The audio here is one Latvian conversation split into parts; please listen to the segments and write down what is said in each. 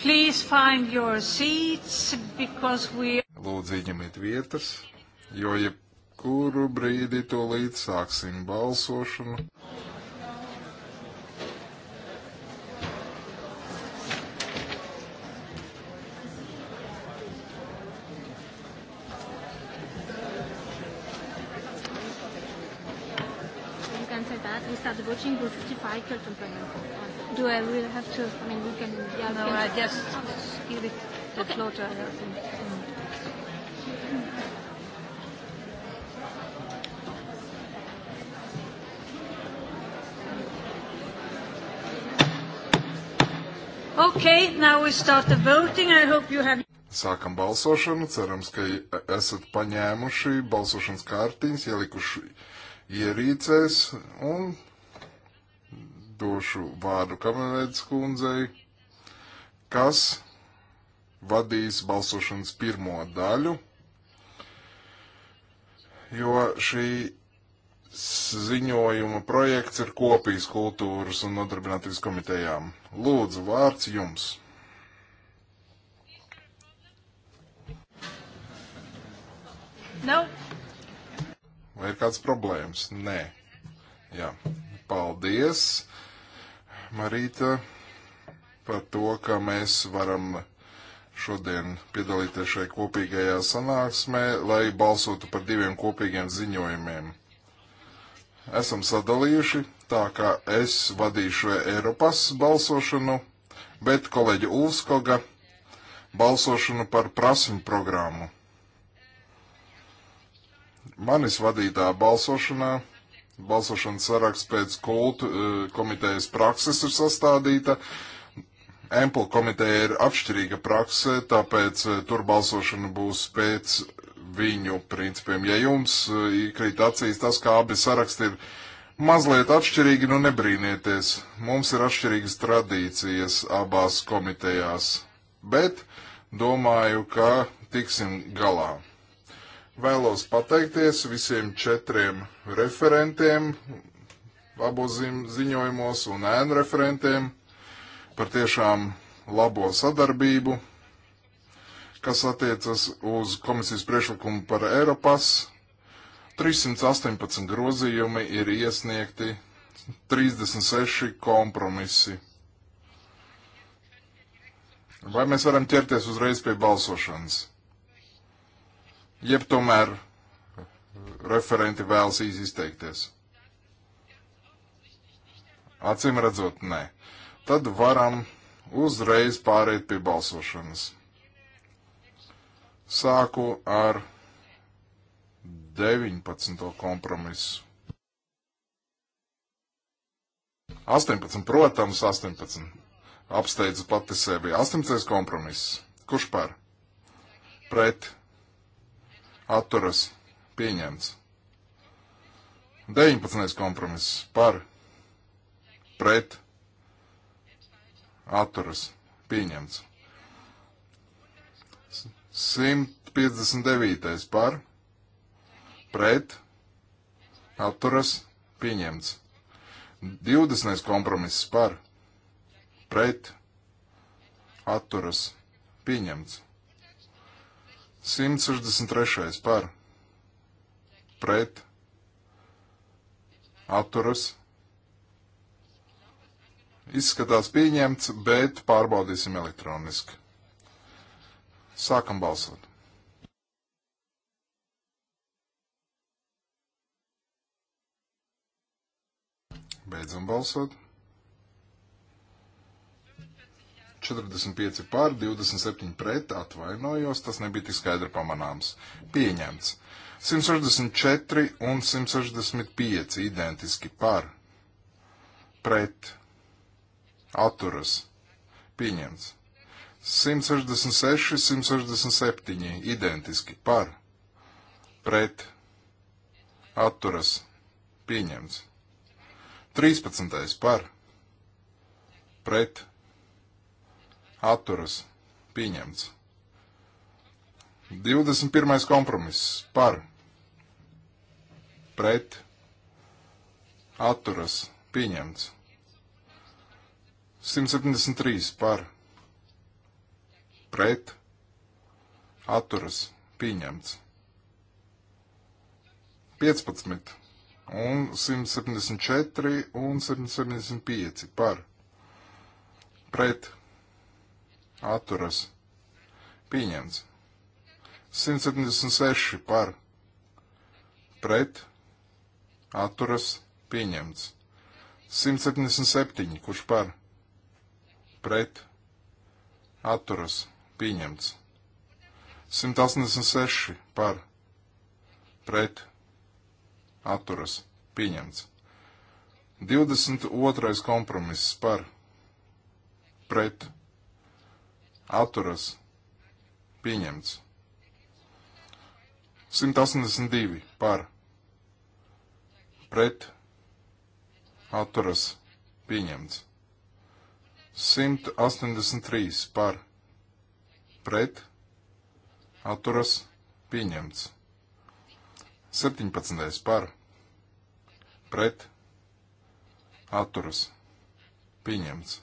Please find your seats, because we... Lūdzu, ieņemiet vietas, jo jebkuru brīdi to līdz sāksim balsošanu. start voting, we'll justify equal to employment. Do I really have to? I mean, we can. Yeah, no, can I just okay. give it the okay. floor to her. And, and Okay, now we start the voting. I hope you have. Sākam balsošanu. Cerams, ka esat paņēmuši balsošanas kārtiņas, ielikuši ierīcēs un došu vārdu Kamerēdas kundzei, kas vadīs balsošanas pirmo daļu, jo šī ziņojuma projekts ir kopijas kultūras un nodarbinātības komitejām. Lūdzu, vārds jums! Nav. No. Vai ir kāds problēmas? Nē. Jā. Paldies. Marīta, par to, ka mēs varam šodien piedalīties šai kopīgajā sanāksmē, lai balsotu par diviem kopīgiem ziņojumiem. Esam sadalījuši, tā kā es vadīšu Eiropas balsošanu, bet kolēģi Ulskoga balsošanu par prasmu programmu. Manis vadītā balsošanā Balsošanas saraksts pēc kultu e, komitejas prakses ir sastādīta. Ample komiteja ir atšķirīga prakse, tāpēc e, tur balsošana būs pēc viņu principiem. Ja jums iekrīt acīs tas, kā abi saraksti ir mazliet atšķirīgi, nu nebrīnieties. Mums ir atšķirīgas tradīcijas abās komitejās. Bet domāju, ka tiksim galā. Vēlos pateikties visiem četriem referentiem abos ziņojumos un ēnu referentiem par tiešām labo sadarbību, kas attiecas uz komisijas priešlikumu par Eiropas. 318 grozījumi ir iesniegti, 36 kompromisi. Vai mēs varam ķerties uzreiz pie balsošanas? jeb tomēr referenti vēlas īsi izteikties? Acīm redzot, nē. Tad varam uzreiz pāriet pie balsošanas. Sāku ar 19. kompromisu. 18, protams, 18. Apsteidzu pati sevi. 18. kompromiss. Kurš par? Pret atturas pieņemts. 19. kompromiss par pret atturas pieņemts. 159. par pret atturas pieņemts. 20. kompromiss par pret atturas pieņemts. 163. par pret atturas. Izskatās pieņemts, bet pārbaudīsim elektroniski. Sākam balsot. Beidzam balsot. 45 pār, 27 pret, atvainojos, tas nebija tik skaidri pamanāms. Pieņemts. 164 un 165 identiski par, pret, atturas, pieņemts. 166, 167 identiski par, pret, atturas, pieņemts. 13. par, pret, atturas atturas pieņemts. 21. kompromiss par pret atturas pieņemts. 173 par pret atturas pieņemts. 15 un 174 un 175 par pret atturas pieņemts. 176 par pret atturas pieņemts. 177 kurš par pret atturas pieņemts. 186 par pret atturas pieņemts. 22. kompromiss par pret atturas pieņemts atturas pieņemts. 182 par pret atturas pieņemts. 183 par pret atturas pieņemts. 17 par pret atturas pieņemts.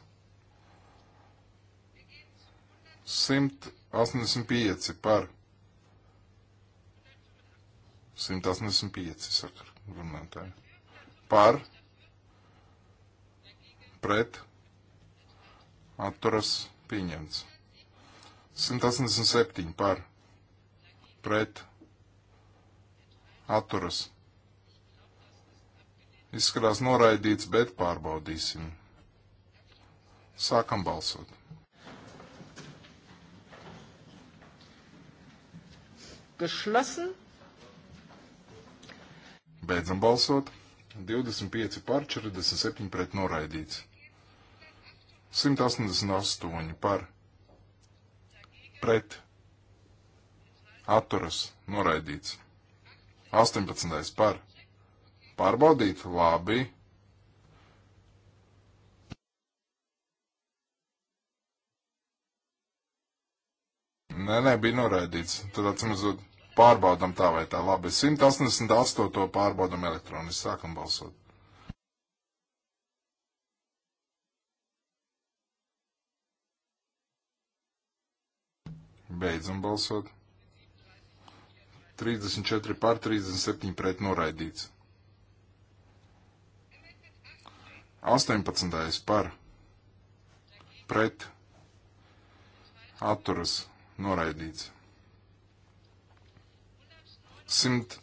185 par 185, saka runātāji. Par, pret, atturas pieņemts. 187 par, pret, atturas. Izskatās noraidīts, bet pārbaudīsim. Sākam balsot. geschlossen. Beidzam balsot. 25 par 47 pret noraidīts. 188 par pret atturas noraidīts. 18 par pārbaudīt labi. Nē, nē, bija noraidīts. Tad atsimazot pārbaudam tā vai tā. Labi, 188. pārbaudam elektroniski. Sākam balsot. Beidzam balsot. 34 pār 37 pret noraidīts. 18. par pret atturas noraidīts. Simt.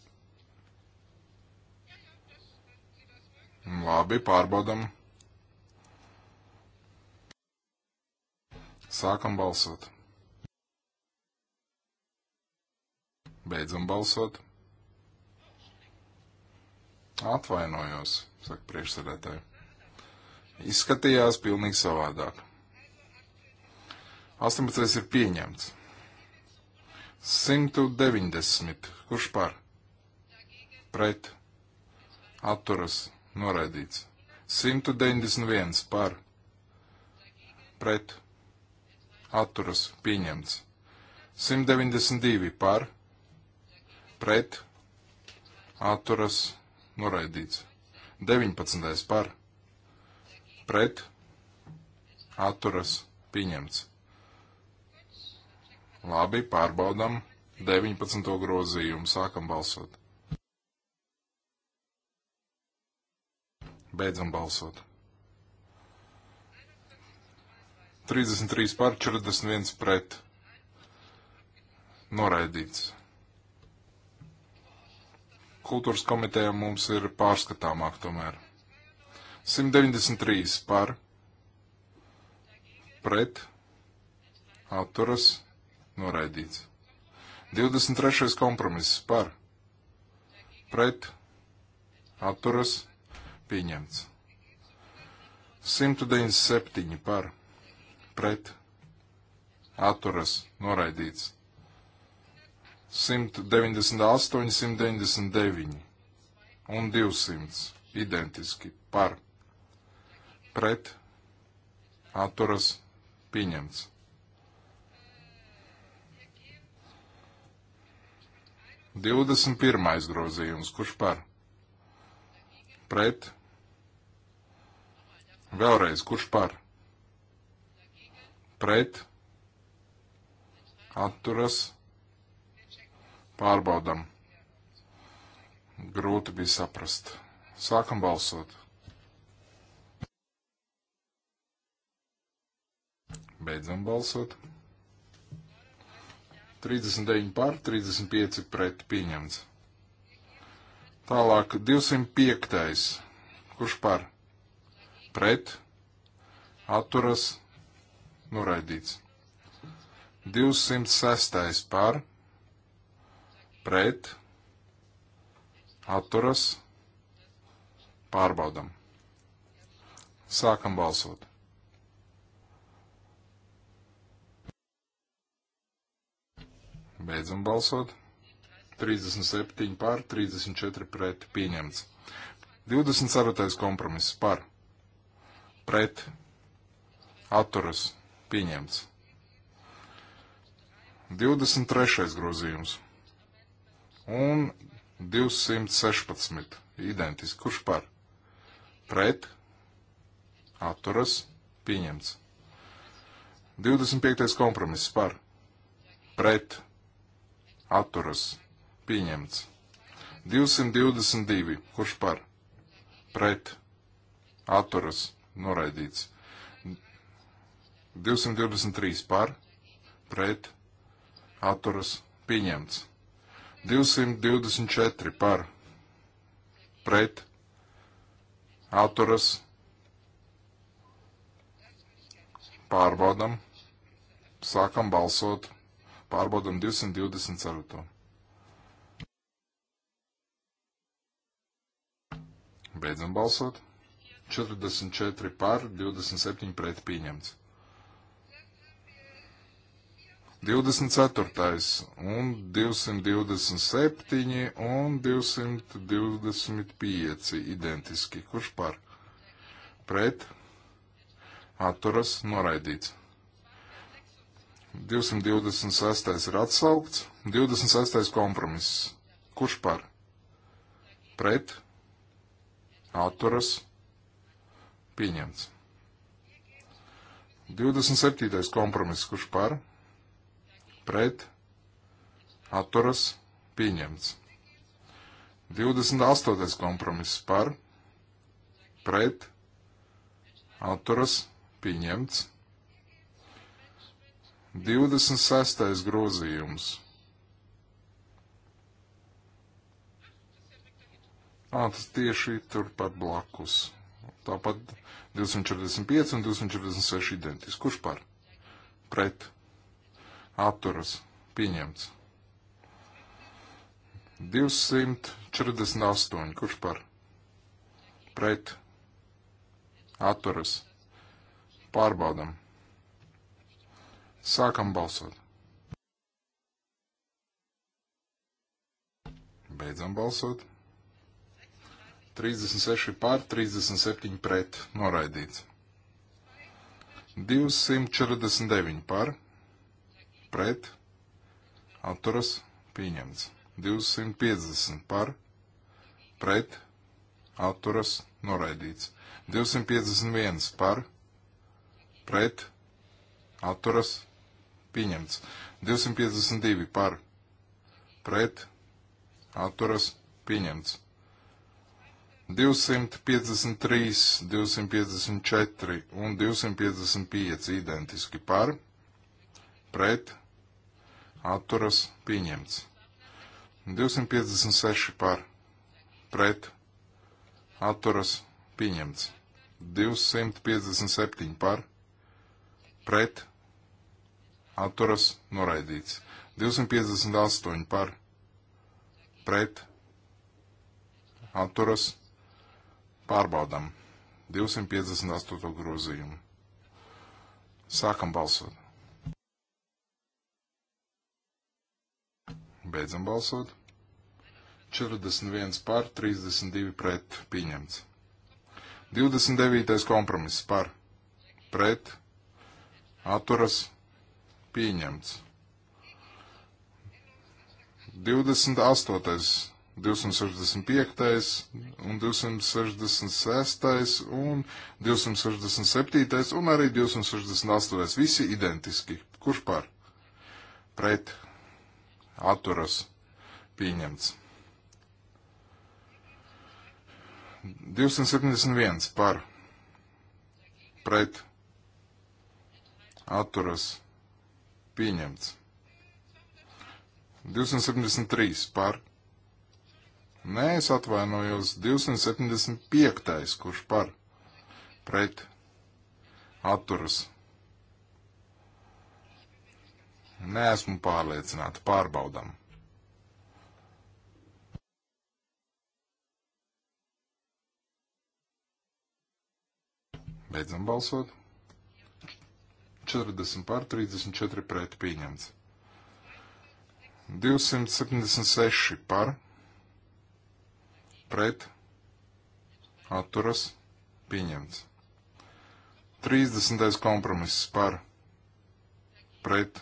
Labi, pārbaudam. Sākam balsot. Beidzam balsot. Atvainojos, saka priekšsēdētāji. Izskatījās pilnīgi savādāk. 18. ir pieņemts. 190. Kurš par? Pret. Atturas. Noraidīts. 191. Par. Pret. Atturas. Pieņemts. 192. Par. Pret. Atturas. Noraidīts. 19. Par. Pret. Atturas. Pieņemts. Labi, pārbaudam 19. grozījumu. Sākam balsot. Beidzam balsot. 33 pār 41 pret. Noraidīts. Kultūras komitejā mums ir pārskatāmāk tomēr. 193 par pret atturas noraidīts. 23. kompromiss par, pret, atturas, pieņemts. 197 par, pret, atturas, noraidīts. 198, 199 un 200 identiski par, pret, atturas, pieņemts. 21. grozījums. Kurš par? Pret? Vēlreiz, kurš par? Pret? Atturas? Pārbaudam. Grūti bija saprast. Sākam balsot. Beidzam balsot. 39 par, 35 pret pieņemts. Tālāk 205. Kurš par? Pret. Atturas. Noraidīts. 206. par. Pret. Atturas. Pārbaudam. Sākam balsot. Beidzam balsot. 37 pār, 34 pret pieņemts. 24. kompromiss par, pret, atturas, pieņemts. 23. grozījums un 216. identiski. Kurš par? Pret, atturas, pieņemts. 25. kompromiss par, pret, atturas pieņemts. 222, kurš par, pret, atturas noraidīts. 223 par, pret, atturas pieņemts. 224 par, pret, atturas pārbaudam, sākam balsot. Pārbaudam 224. Beidzam balsot. 44 par, 27 pret pieņemts. 24. un 227 un 225 identiski. Kurš par? Pret. Atturas noraidīts. 226. ir atsaukts. 26. kompromiss. Kurš par? Pret? Atturas? Pieņemts. 27. kompromiss. Kurš par? Pret? Atturas? Pieņemts. 28. kompromiss. Par? Pret? Atturas? Pieņemts. 26. grozījums. Ā, tas tieši turpat blakus. Tāpat 245 un 246 identiski. Kurš par? Pret. Atturas. Pieņemts. 248. Kurš par? Pret. Atturas. Pārbaudam. Sākam balsot. Beidzam balsot. 36 pār, 37 pret, noraidīts. 249 par, pret, atturas, pieņemts. 250 par, pret, atturas, noraidīts. 251 par, pret, atturas, pieņemts. 252 par pret atturas pieņemts. 253, 254 un 255 identiski par pret atturas pieņemts. 256 par pret atturas pieņemts. 257 par pret atturas pieņemts atturas noraidīts. 258 par pret atturas pārbaudam 258 grozījumu. Sākam balsot. Beidzam balsot. 41 par, 32 pret pieņemts. 29. kompromiss par, pret, atturas, pieņemts. 28. 265. un 266. un 267. un arī 268. Visi identiski. Kurš par? Pret. Atturas. Pieņemts. 271 par pret atturas Pieņemts. 273 par. Nē, es atvainojos. 275, kurš par. Pret. Atturas. Neesmu pārliecināta. Pārbaudam. Beidzam balsot. 40 pār 34 pret pieņemts. 276 par pret atturas pieņemts. 30. kompromiss par pret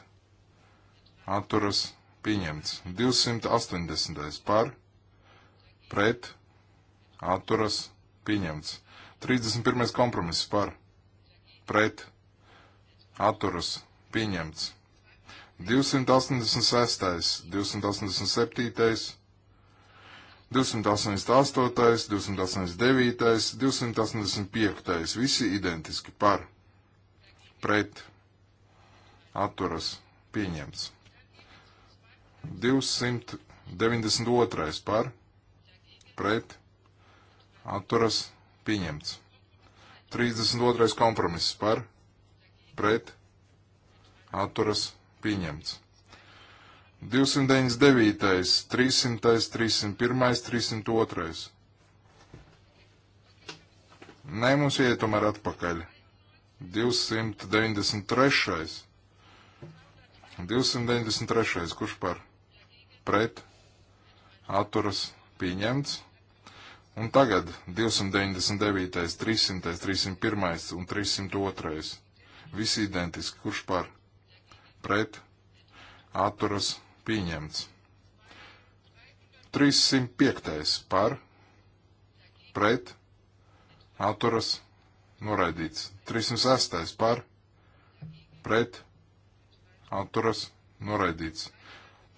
atturas pieņemts. 280. par pret atturas pieņemts. 31. kompromiss par pret atturas pieņemts. 286, 287, 288, 289, 285, visi identiski par, pret, atturas, pieņemts. 292 par, pret, atturas, pieņemts. 32. kompromiss par, pret atturas pieņemts. 299, 300, 301, 302. Nē, mums iet tomēr atpakaļ. 293. 293. Kurš par? Pret. Atturas pieņemts. Un tagad 299, 300, 301 un 302. Visi identiski. Kurš par? Pret. Atturas. Pieņemts. 305. Par. Pret. Atturas. Noraidīts. 306. Par. Pret. Atturas. Noraidīts.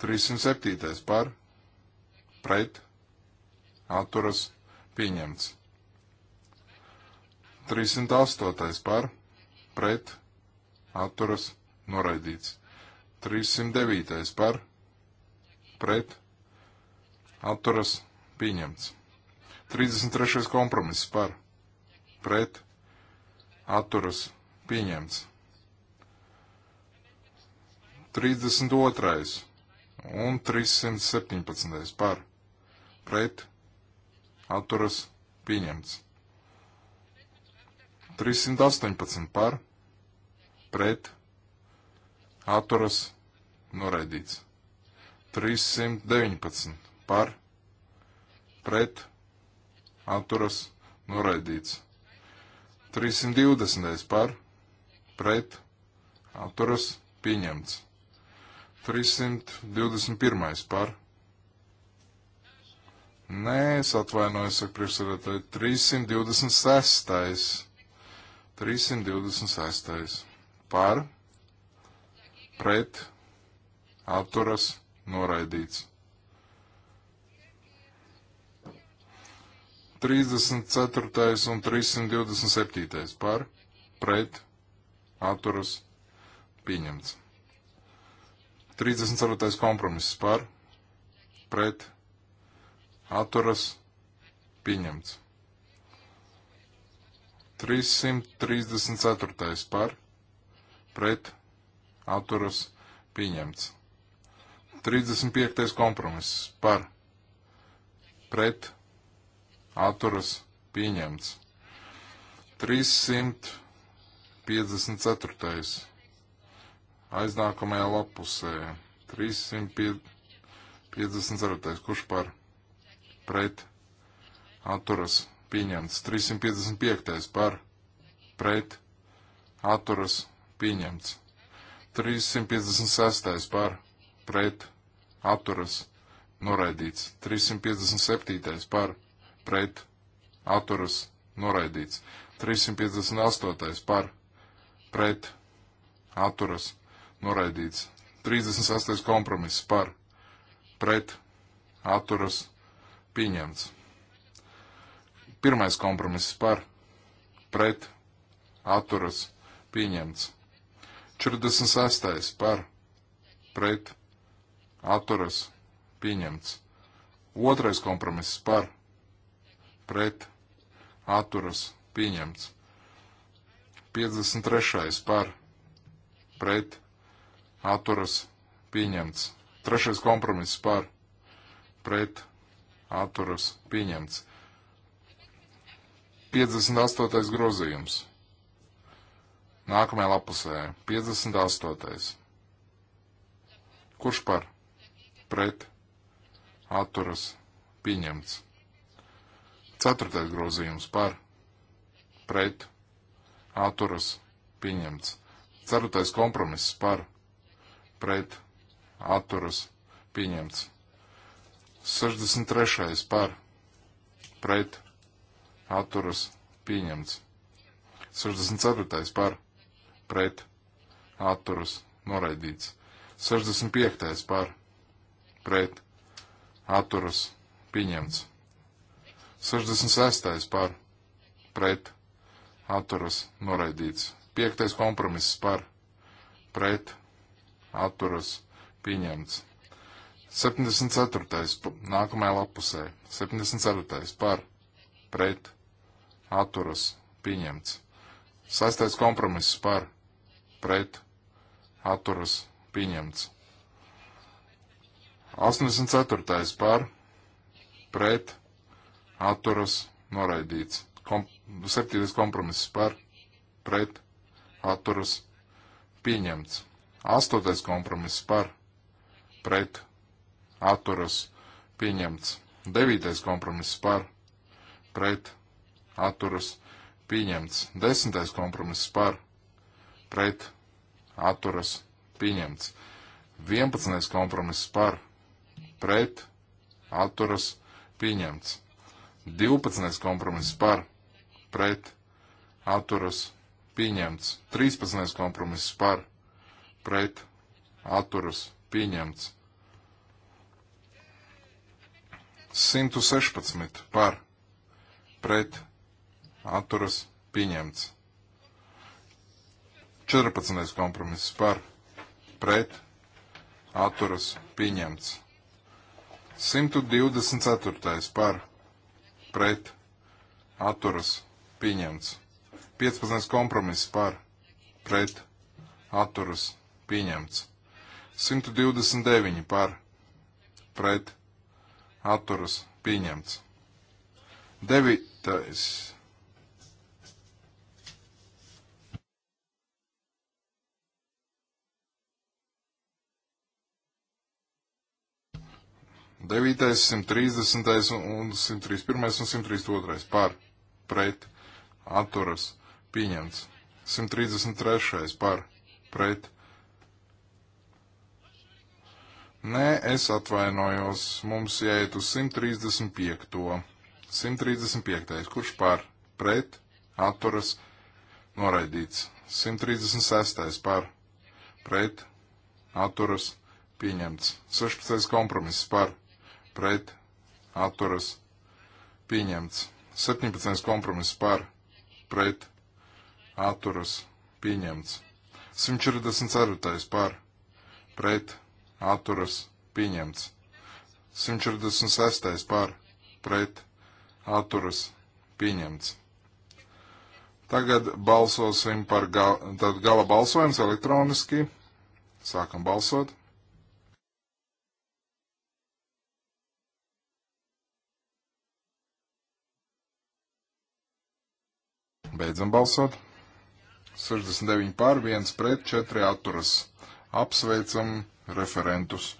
307. Par. Pret. Atturas. Pieņemts. 308. par pret atturas noraidīts. 309. par pret atturas pieņemts. 33. kompromiss par pret atturas pieņemts. 32. un 317. par pret atturas pieņemts. 318 par pret pret atturas noraidīts. 319 par pret atturas noraidīts. 320 par pret atturas pieņemts. 321 par Nē, es atvainojos, saka priekšsēdētāji, 326. 326 par, pret, atturas, noraidīts. 34. un 327. par, pret, atturas, pieņemts. 34. kompromiss par, pret, atturas, pieņemts. 334. par, pret atturas pieņemts. 35. kompromiss par pret atturas pieņemts. 354. aiznākamajā lapusē 354. kurš par pret atturas pieņemts. 355. par pret atturas pieņemts pieņemts. 356. par pret atturas noraidīts. 357. par pret atturas noraidīts. 358. par pret atturas noraidīts. 38. kompromiss par pret atturas pieņemts. Pirmais kompromiss par pret atturas pieņemts. 46. par pret atturas pieņemts. Otrais kompromiss par pret atturas pieņemts. 53. par pret atturas pieņemts. Trešais kompromiss par pret atturas pieņemts. 58. grozījums Nākamajā lapusē 58. Kurš par? Pret. Atturas. Pieņemts. Ceturtais grozījums par. Pret. Atturas. Pieņemts. Ceturtais kompromiss par. Pret. Atturas. Pieņemts. 63. par. Pret. Atturas. Pieņemts. 64. par pret atturas noraidīts. 65. par pret atturas pieņemts. 66. par pret atturas noraidīts. 5. kompromiss par pret atturas pieņemts. 74. nākamajā lapusē. 74. par pret atturas pieņemts. Sastais kompromiss par pret atturas pieņemts. 84. par pret atturas noraidīts. Kom 7. kompromiss par pret atturas pieņemts. 8. kompromiss par pret atturas pieņemts. 9. kompromiss par pret atturas pieņemts. 10. kompromiss par pret atturas pieņemts. 11. kompromiss par pret atturas pieņemts. 12. kompromiss par pret atturas pieņemts. 13. kompromiss par pret atturas pieņemts. 116 par pret atturas pieņemts. 14. kompromiss par pret atturas pieņemts. 124. par pret atturas pieņemts. 15. kompromiss par pret atturas pieņemts. 129 par pret atturas pieņemts. 9. 9, 130 un 131 un 132 par pret atturas pieņemts. 133 par pret. Nē, es atvainojos, mums jāiet uz 135. To. 135. kurš par pret atturas noraidīts. 136. par pret atturas pieņemts. 16. kompromiss par pret pret atturas pieņemts. 17. kompromiss par pret atturas pieņemts. 144. par pret atturas pieņemts. 146. par pret atturas pieņemts. Tagad balsosim par gal, gala balsojums elektroniski. Sākam balsot. Beidzam balsot. 69 pār, 1 pret, 4 atturas. Apsveicam referentus.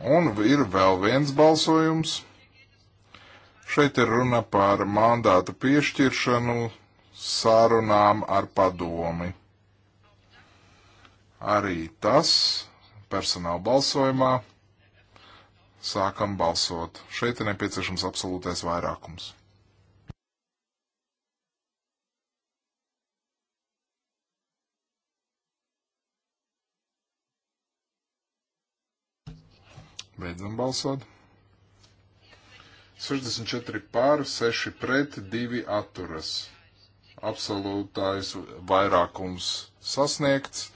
Un ir vēl viens balsojums. Šeit ir runa par mandātu piešķiršanu sārunām ar padomi. Arī tas personāla balsojumā sākam balsot. Šeit ir nepieciešams absolūtais vairākums. Beidzam balsot. 64 pār, 6 pret, 2 atturas. Absolūtais vairākums sasniegts.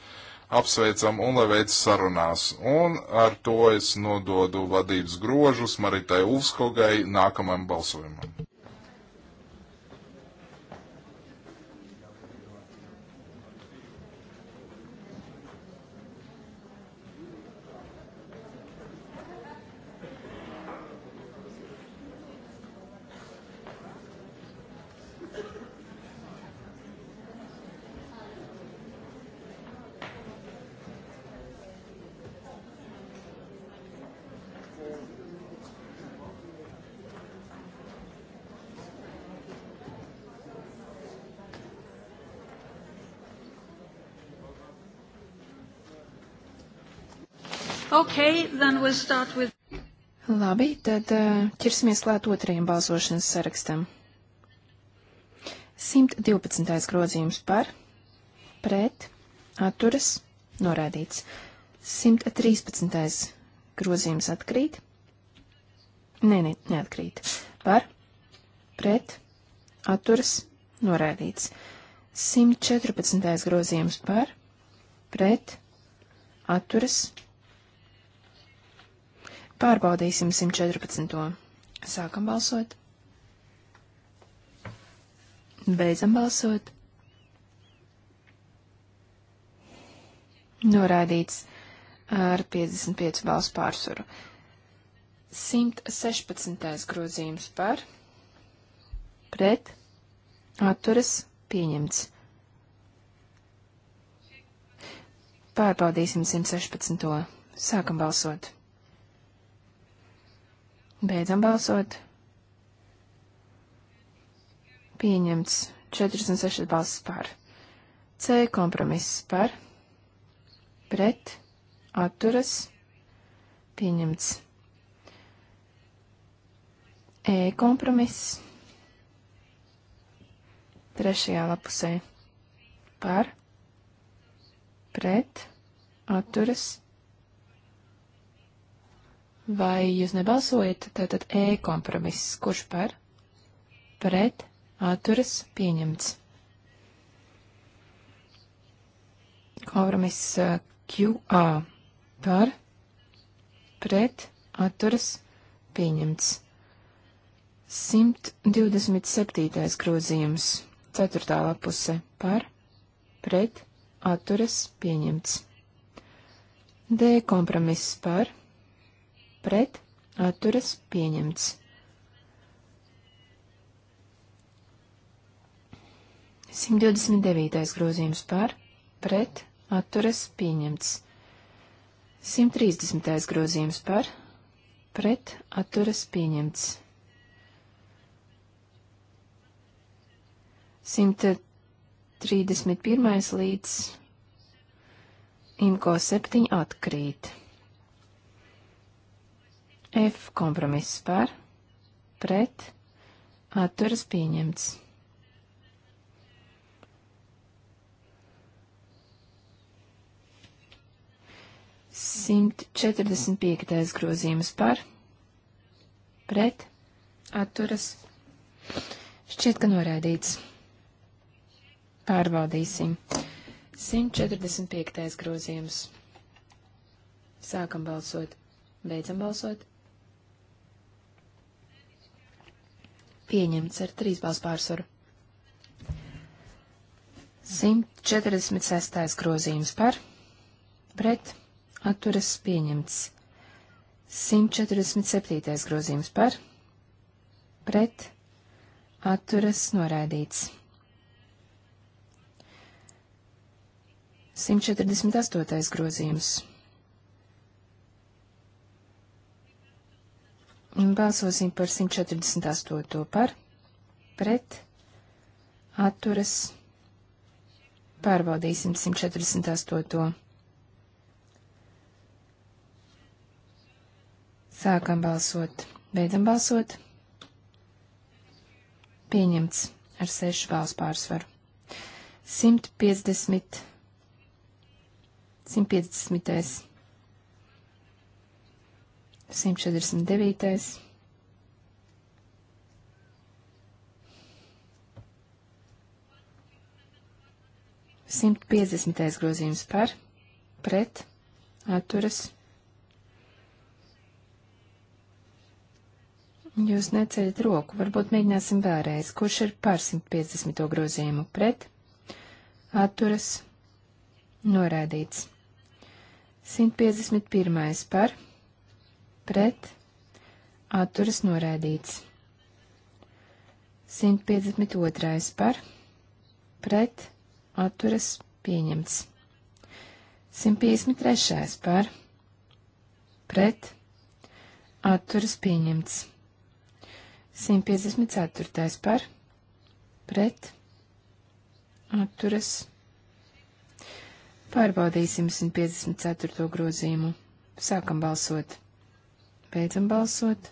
Apsveicam un lai veic sarunās. Un ar to es nododu vadības grožus Maritai Ulfskogai nākamajam balsojumam. then we'll start with. Labi, tad eh, ķersimies klāt otrajam balsošanas sarakstam. 112. grozījums par, pret, atturas, norādīts. 113. grozījums atkrīt. Nē, ne, neatkrīt. Par, pret, atturas, norādīts. 114. grozījums par, pret, atturas, norādīts Pārbaudīsim 114. Sākam balsot. Beidzam balsot. Norādīts ar 55 balsu pārsvaru. 116. grozījums par, pret, atturas, pieņemts. Pārbaudīsim 116. Sākam balsot. Beidzam balsot. Pieņemts 46 balsis par. C kompromiss par. Pret. Atturas. Pieņemts. E kompromiss. Trešajā lapusē. Par. Pret. Atturas. Vai jūs nebalsojat? Tātad E kompromiss. Kurš par? Pret. Atturas. Pieņemts. Kompromiss QA. Par. Pret. Atturas. Pieņemts. 127. grozījums. 4. lapuse. Par. Pret. Atturas. Pieņemts. D kompromiss par pret atturas pieņemts. Simt divdesmit devītais grozījums par pret atturas pieņemts. Simt trīsdesmitais grozījums par pret atturas pieņemts. 131 līdz Imko 7 atkrīt. F kompromiss par, pret, atturas pieņemts. Simt četrdesmit piektais grozījums par, pret, atturas, šķiet, ka noraidīts. Pārbaudīsim. 145. grozījums. Sākam balsot, beidzam balsot. pieņemts ar trīs balsu pārsvaru. 146. grozījums par, pret, atturas pieņemts. 147. grozījums par, pret, atturas noraidīts. 148. grozījums Balsosim par 148. par, pret, atturas, pārbaudīsim 148. Sākam balsot, beidzam balsot. Pieņemts ar sešu balsu pārsvaru. 150. 150. 149. Simt piecdesmitais grozījums par, pret, atturas. Jūs neceļat roku, varbūt mēģināsim vēlreiz, kurš ir par 150. grozījumu pret, atturas, norādīts. 151. par, pret, atturas noraidīts. 152. par, pret, atturas pieņemts. 153. par, pret, atturas pieņemts. 154. par, pret, atturas. Pārbaudīsim 154. grozījumu. Sākam balsot. Beidzam balsot.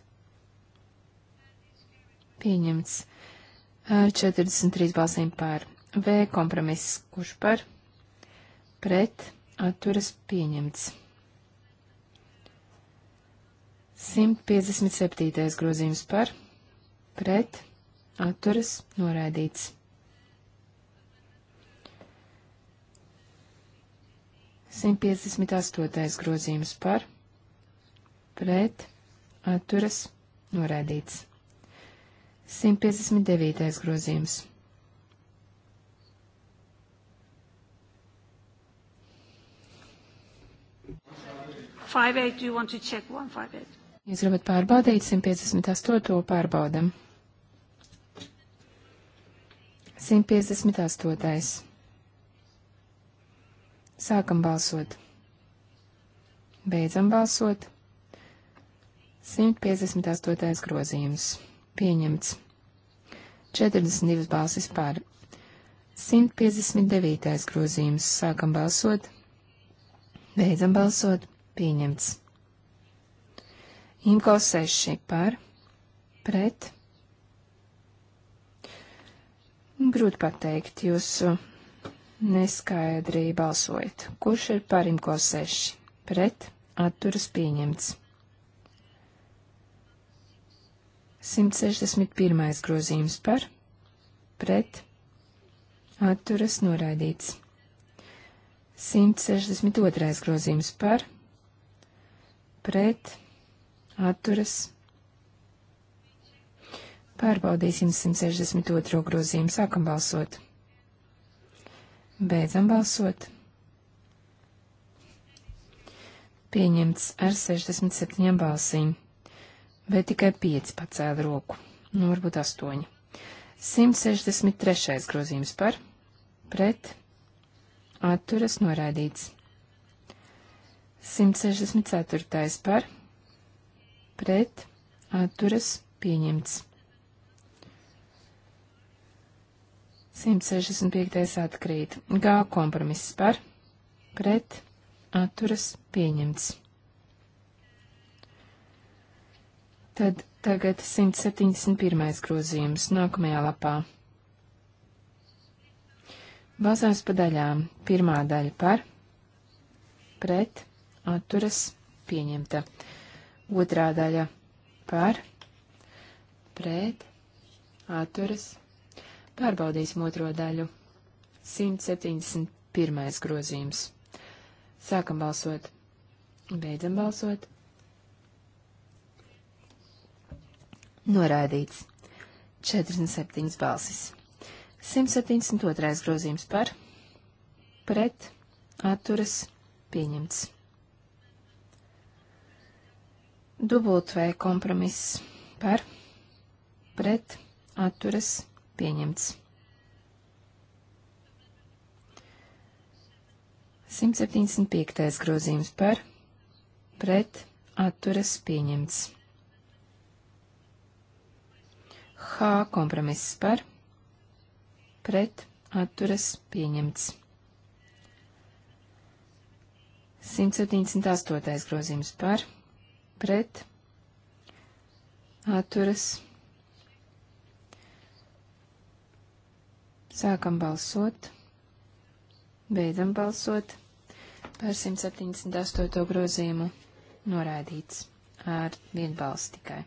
Pieņemts. 43 balsīm pār. V kompromiss. Kurš par? Pret. Atturas pieņemts. 157. grozījums par. Pret. Atturas noraidīts. 158. grozījums par pret atturas norādīts. 159. grozījums. Five eight, you want to check one five eight? Jūs gribat pārbaudīt 158. pārbaudam. 158. Sākam balsot. Beidzam balsot. 158. grozījums. Pieņemts. 42 balsis pār. 159. grozījums. Sākam balsot. Beidzam balsot. Pieņemts. Imko 6 par. Pret. Grūti pateikt, jūs neskaidri balsojat. Kurš ir par Imko 6? Pret. Atturas pieņemts. 161. grozījums par, pret, atturas noraidīts. 162. grozījums par, pret, atturas. Pārbaudīsim 162. grozījumu, sākam balsot. Beidzam balsot. Pieņemts ar 67 balsīm bet tikai 5 pacēla roku, nu varbūt 8. 163. grozījums par, pret, atturas noraidīts. 164. par, pret, atturas pieņemts. 165. atkrīt. G kompromiss par, pret, atturas pieņemts. Tad tagad 171. grozījums nākamajā lapā. Bazās pa daļām. Pirmā daļa par, pret, atturas, pieņemta. Otrā daļa par, pret, atturas. Pārbaudīsim otro daļu. 171. grozījums. Sākam balsot. Beidzam balsot. Noraidīts. 47 balsis. 172. grozījums par, pret, atturas, pieņemts. Dubultvē kompromiss par, pret, atturas, pieņemts. 175. grozījums par, pret, atturas, pieņemts. H kompromiss par, pret, atturas pieņemts. 178. grozījums par, pret, atturas. Sākam balsot, beidzam balsot par 178. grozījumu norādīts ar vienu balsi tikai.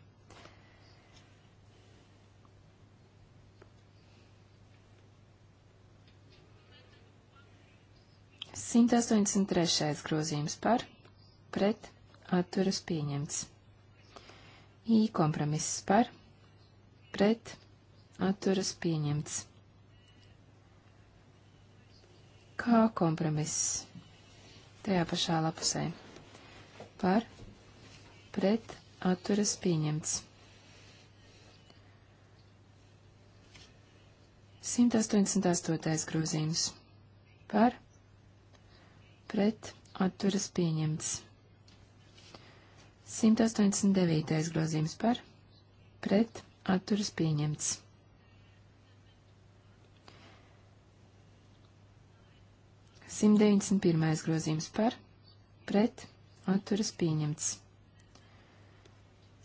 183. grozījums par, pret, atturas pieņemts. I kompromiss par, pret, atturas pieņemts. Kā kompromiss tajā pašā lapusē. Par, pret, atturas pieņemts. 188. grozījums par, pret atturas pieņemts. 189. grozījums par pret atturas pieņemts. Simt deviņdesmit pirmais grozījums par, pret, atturas pieņemts.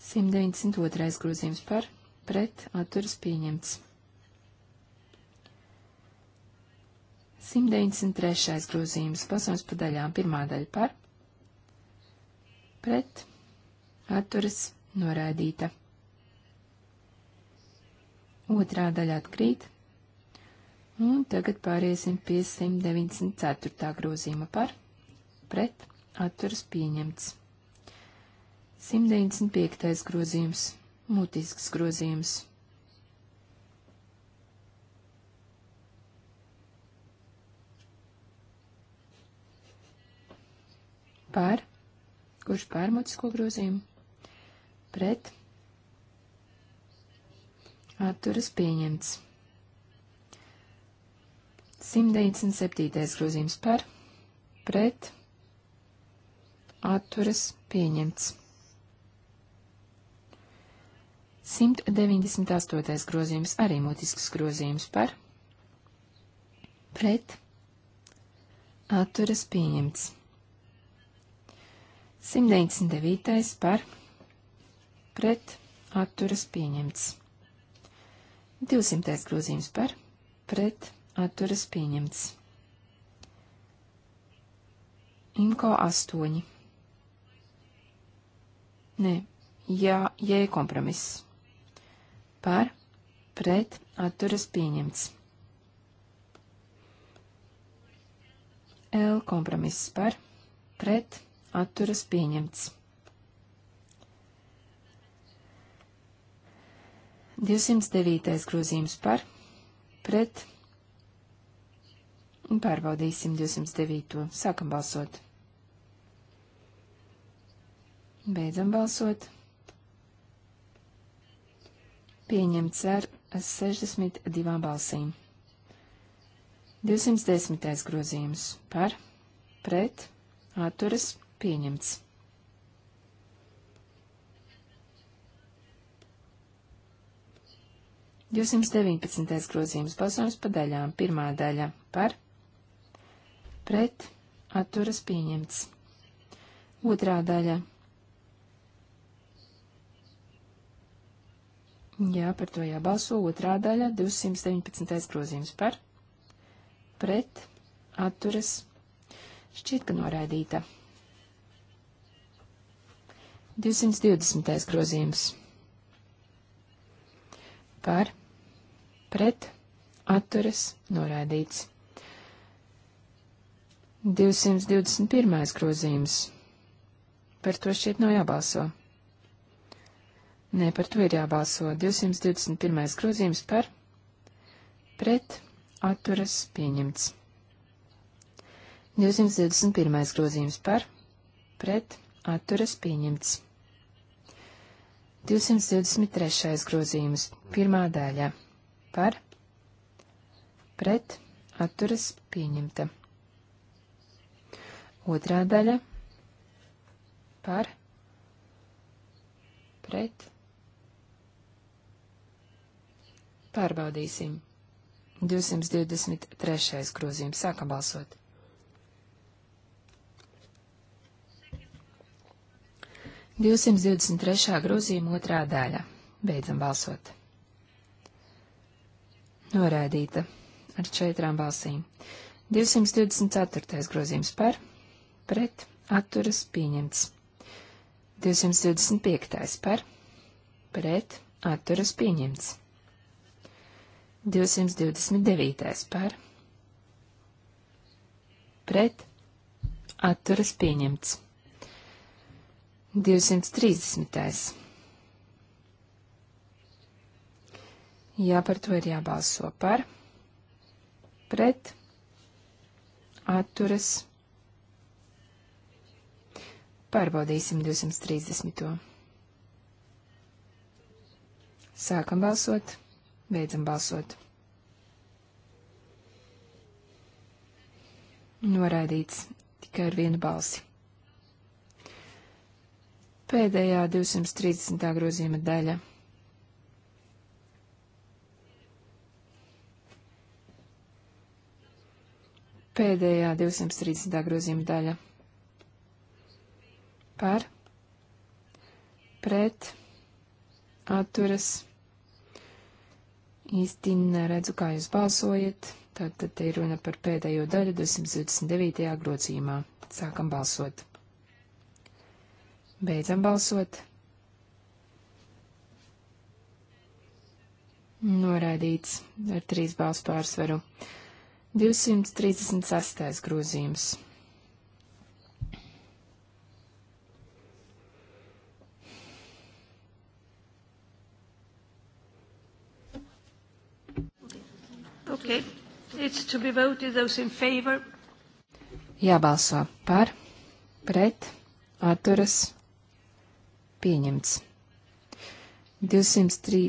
192. grozījums par pret atturas pieņemts. 193. grozījums balsojums pa daļām. Pirmā daļa par, pret, atturas, noraidīta. Otrā daļa atkrīt. Un tagad pāriesim pie 194. grozījuma par, pret, atturas pieņemts. 195. grozījums, mutisks grozījums Par. Kurš par mutisko grozījumu? Pret. Atturas pieņemts. 197. grozījums par. Pret. Atturas pieņemts. 198. grozījums arī mutisks grozījums par pret atturas pieņemts. 199. par pret atturas pieņemts. 200. grozījums par pret atturas pieņemts. Inko 8. Nē, jā, jē kompromiss. Par pret atturas pieņemts. L kompromiss par pret atturas pieņemts atturas pieņemts. 209. grozījums par, pret, un pārbaudīsim 209. Sākam balsot. Beidzam balsot. Pieņemts ar 62 balsīm. 210. grozījums par, pret, atturas, Pieņemts. Divsimts deviņpadsmitais grozījums balsojums pa daļām. Pirmā daļa par, pret, atturas pieņemts. Otrā daļa. Jā, par to jābalso. Otrā daļa 219. grozījums par, pret, atturas, šķiet, ka noraidīta. 220. grozījums par pret atturas noraidīts. 221. grozījums. Par to šķiet nav jābalso. Nē, par to ir jābalso. 221. grozījums par pret atturas pieņemts. 221. grozījums par pret atturas pieņemts. 223. grozījums, pirmā daļa par pret atturas pieņemta. Otrā daļa par pret pārbaudīsim. 223. grozījums sākam balsot. 223. grozījuma otrā daļa. Beidzam balsot. Norādīta ar četrām balsīm. 224. grozījums par, pret, atturas pieņemts. 225. par, pret, atturas pieņemts. 229. par, pret, atturas pieņemts. 230. Jā, par to ir jābalso par, pret, atturas. Pārbaudīsim 230. Sākam balsot, beidzam balsot. Noraidīts tikai ar vienu balsi. Pēdējā 230. grozījuma daļa. Pēdējā 230. grozījuma daļa. Par, pret, atturas. Īsti neredzu, kā jūs balsojat. Tātad te ir runa par pēdējo daļu 229. grozījumā. Sākam balsot. Beidzam balsot. Noraidīts ar trīs balsu pārsvaru. 236. grozījums. Okay. It's to be voted those in favor. Jābalso par, pret, atturas, pieņemts. 203,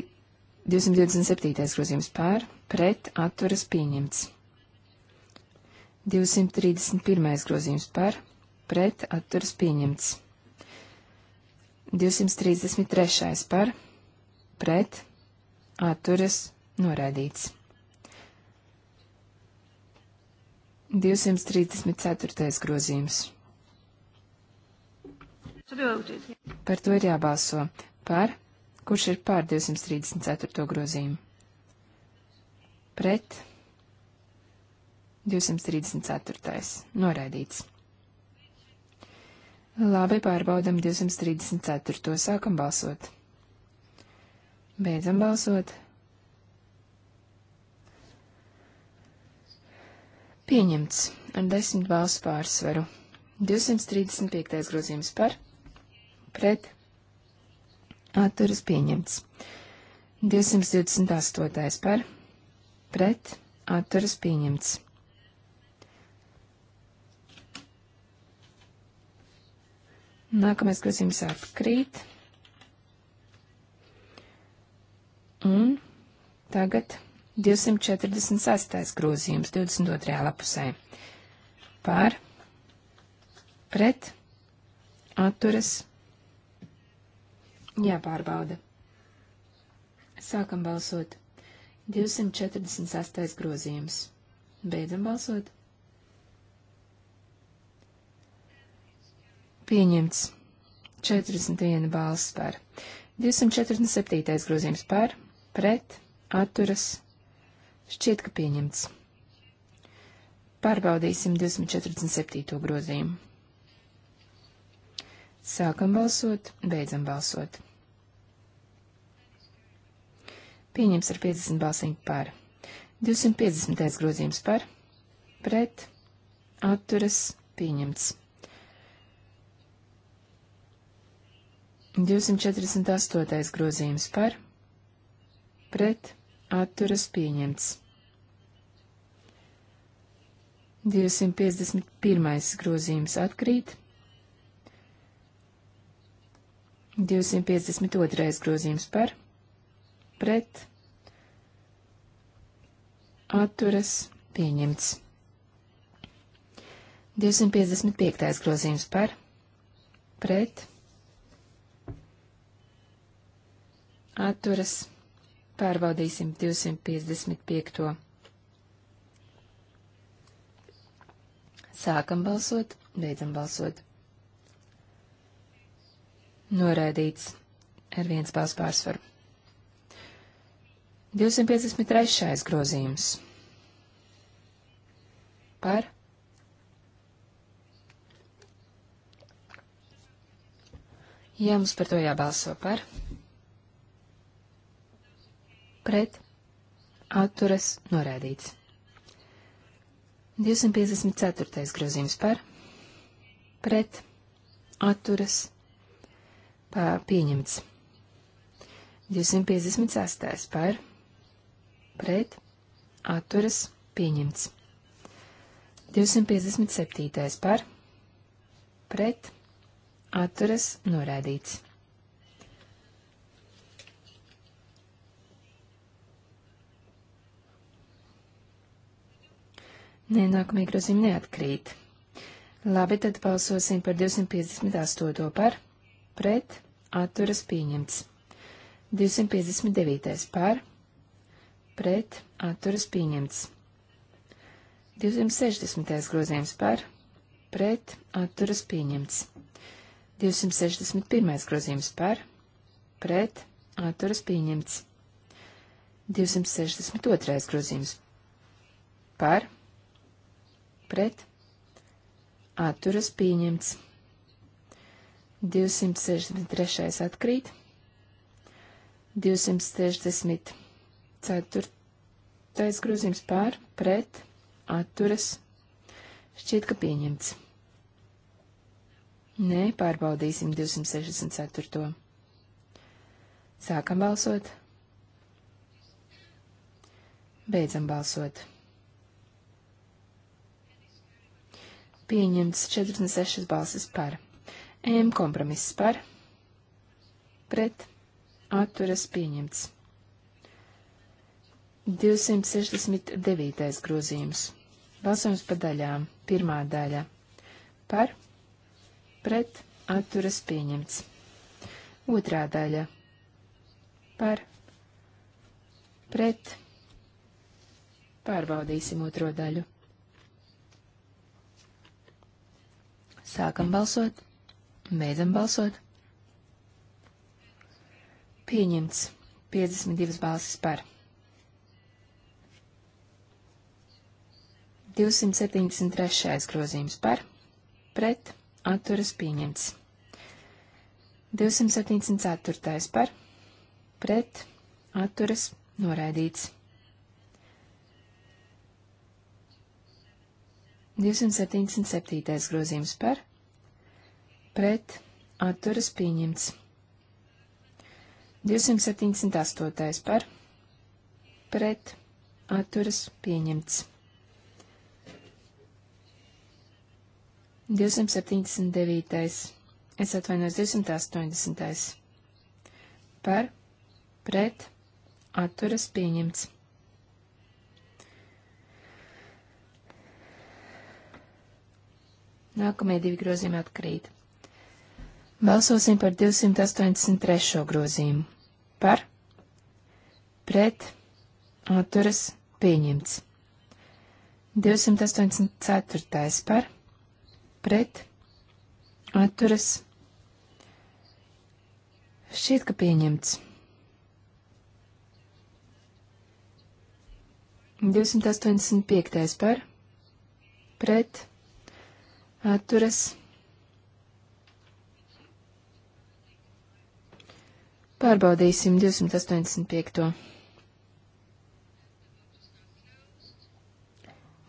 227. grozījums pār, pret, atturas pieņemts. 231. grozījums par, pret, atturas pieņemts. 233. par, pret, atturas noraidīts. 234. grozījums Par to ir jābalso. Par? Kurš ir pār 234. grozījumu? Pret? 234. Noraidīts. Labi, pārbaudam 234. Sākam balsot. Beidzam balsot. Pieņemts ar 10 balsu pārsvaru. 235. grozījums par pret atturas pieņemts. 228. par pret atturas pieņemts. Nākamais grozījums atkrīt. Un tagad 246. grozījums 22. lapusē. Pār, pret, atturas, pieņemts Jāpārbauda. Sākam balsot. 248. grozījums. Beidzam balsot. Pieņemts. 41 balss par. 247. grozījums par, pret, atturas. Šķiet, ka pieņemts. Pārbaudīsim 247. grozījumu. Sākam balsot, beidzam balsot. Pieņems ar 50 balsīm par. 250. grozījums par, pret, atturas, pieņemts. 248. grozījums par, pret, atturas, pieņemts. 251. grozījums atkrīt, 252. grozījums par, pret, atturas, pieņemts. 255. grozījums par, pret, atturas, pārbaudīsim 255. Sākam balsot, beidzam balsot. Noraidīts ar viens balss pārsvaru. 253. grozījums. Par. Jā, mums par to jābalso par. Pret. Atturas norādīts. 254. grozījums par. Pret. Atturas norādīts pieņemts. 256. par pret atturas pieņemts. 257. par pret atturas norādīts. Nē, nākamie grozījumi neatkrīt. Labi, tad balsosim par 258. par pret pret, atturas pieņemts. 259. par, pret, atturas pieņemts. 260. grozījums par, pret, atturas pieņemts. 261. grozījums par, pret, atturas pieņemts. 262. grozījums par, pret, atturas pieņemts. 263. atkrīt, 264. grozījums pār, pret, atturas, šķiet, ka pieņemts. Nē, pārbaudīsim 264. Sākam balsot. Beidzam balsot. Pieņemts 46 balsis par. M kompromiss par, pret, atturas pieņemts. 269. grozījums. Balsojums pa daļām. Pirmā daļa. Par, pret, atturas pieņemts. Otrā daļa. Par, pret, pārbaudīsim otro daļu. Sākam balsot. Beidzam balsot. Pieņemts. 52 balsis par. 273. grozījums par, pret, atturas pieņemts. 274. par, pret, atturas noraidīts. 277. grozījums par, pret atturas pieņemts. 278. par pret atturas pieņemts. 279. Es atvainojos 280. par pret atturas pieņemts. Nākamie divi grozījumi atkrīt. Balsosim par 283. grozījumu. Par, pret, atturas, pieņemts. 284. par, pret, atturas, šķiet, ka pieņemts. 285. par, pret, atturas, pieņemts Pārbaudīsim 285.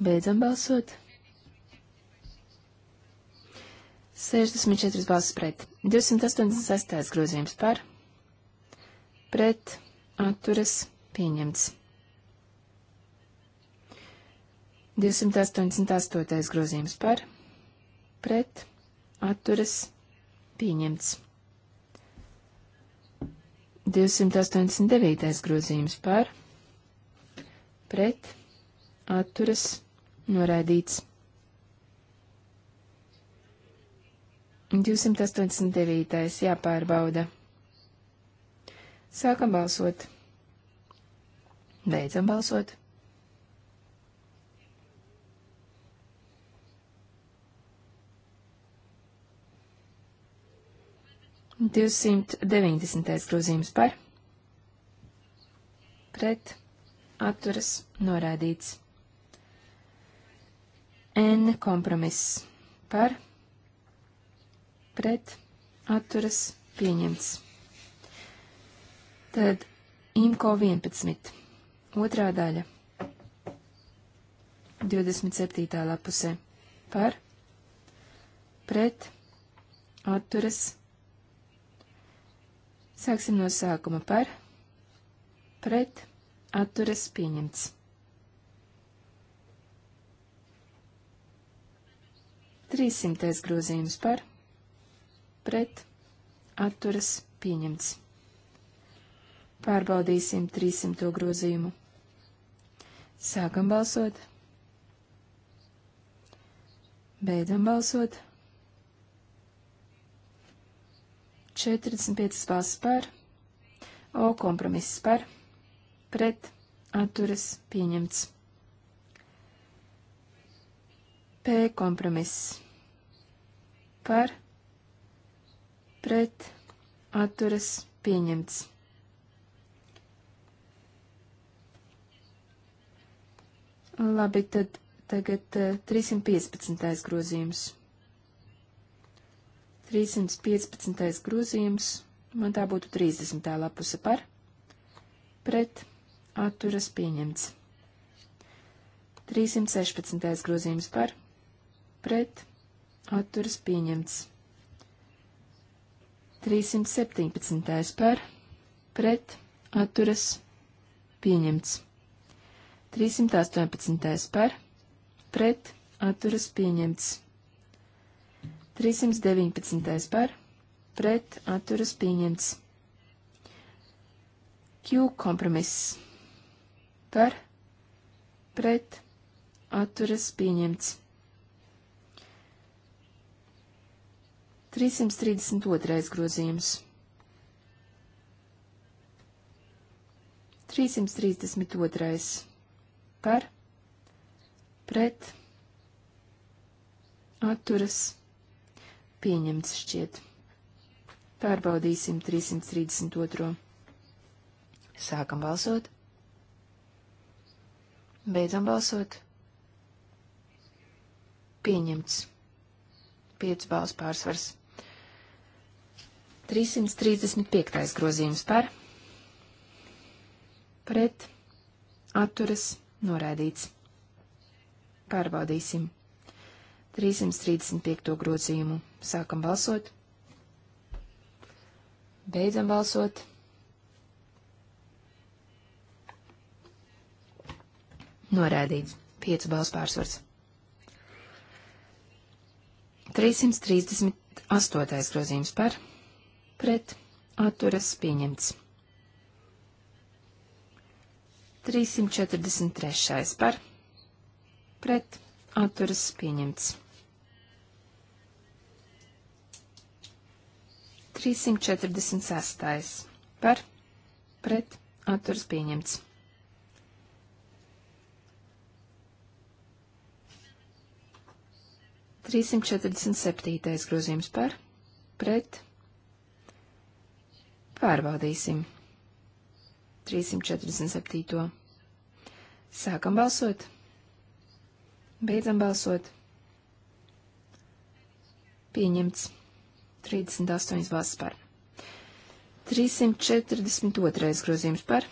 Beidzam balsot. 64 balsis pret. 286. grozījums par. Pret. Atturas. Pieņemts. 288. grozījums par. Pret. Atturas. Pieņemts. 289. grozījums par, pret, atturas, noraidīts. 289. jāpārbauda. Sākam balsot. Beidzam balsot. 290. grozījums par, pret, atturas, norādīts. N kompromiss par, pret, atturas, pieņemts. Tad IMCO 11. Otrā daļa. 27. lapusē par, pret, atturas, pieņemts Sāksim no sākuma par, pret, atturas pieņemts. Trīsimtais grozījums par, pret, atturas pieņemts. Pārbaudīsim 300. grozījumu. Sākam balsot. Beidzam balsot. 45 balss par, O kompromiss par, pret, atturas pieņemts. P kompromiss par, pret, atturas pieņemts. Labi, tad tagad 315. Eh, grozījums. 315. grozījums, man tā būtu 30. lapuse par, pret, atturas pieņemts. 316. grozījums par, pret, atturas pieņemts. 317. par, pret, atturas pieņemts. 318. par, pret, atturas pieņemts. 319. par pret atturas pieņemts. Q kompromiss par pret atturas pieņemts. 332. grozījums. 332. par pret atturas pieņemts. Pieņemts šķiet. Pārbaudīsim 332. Sākam balsot. Beidzam balsot. Pieņemts. 5 balsu pārsvars. 335. grozījums par. Pret. Atturas. Noraidīts. Pārbaudīsim. 335. 335. grozījumu. Sākam balsot. Beidzam balsot. Norādīts. 5 balss pārsvars. 338. grozījums par, pret, atturas pieņemts. 343. par, pret, atturas pieņemts. 346. par pret atturs pieņemts. 347. grozījums par, pret, pārbaudīsim. 347. Sākam balsot, beidzam balsot, pieņemts. 38 balsis par. 342. grozījums par,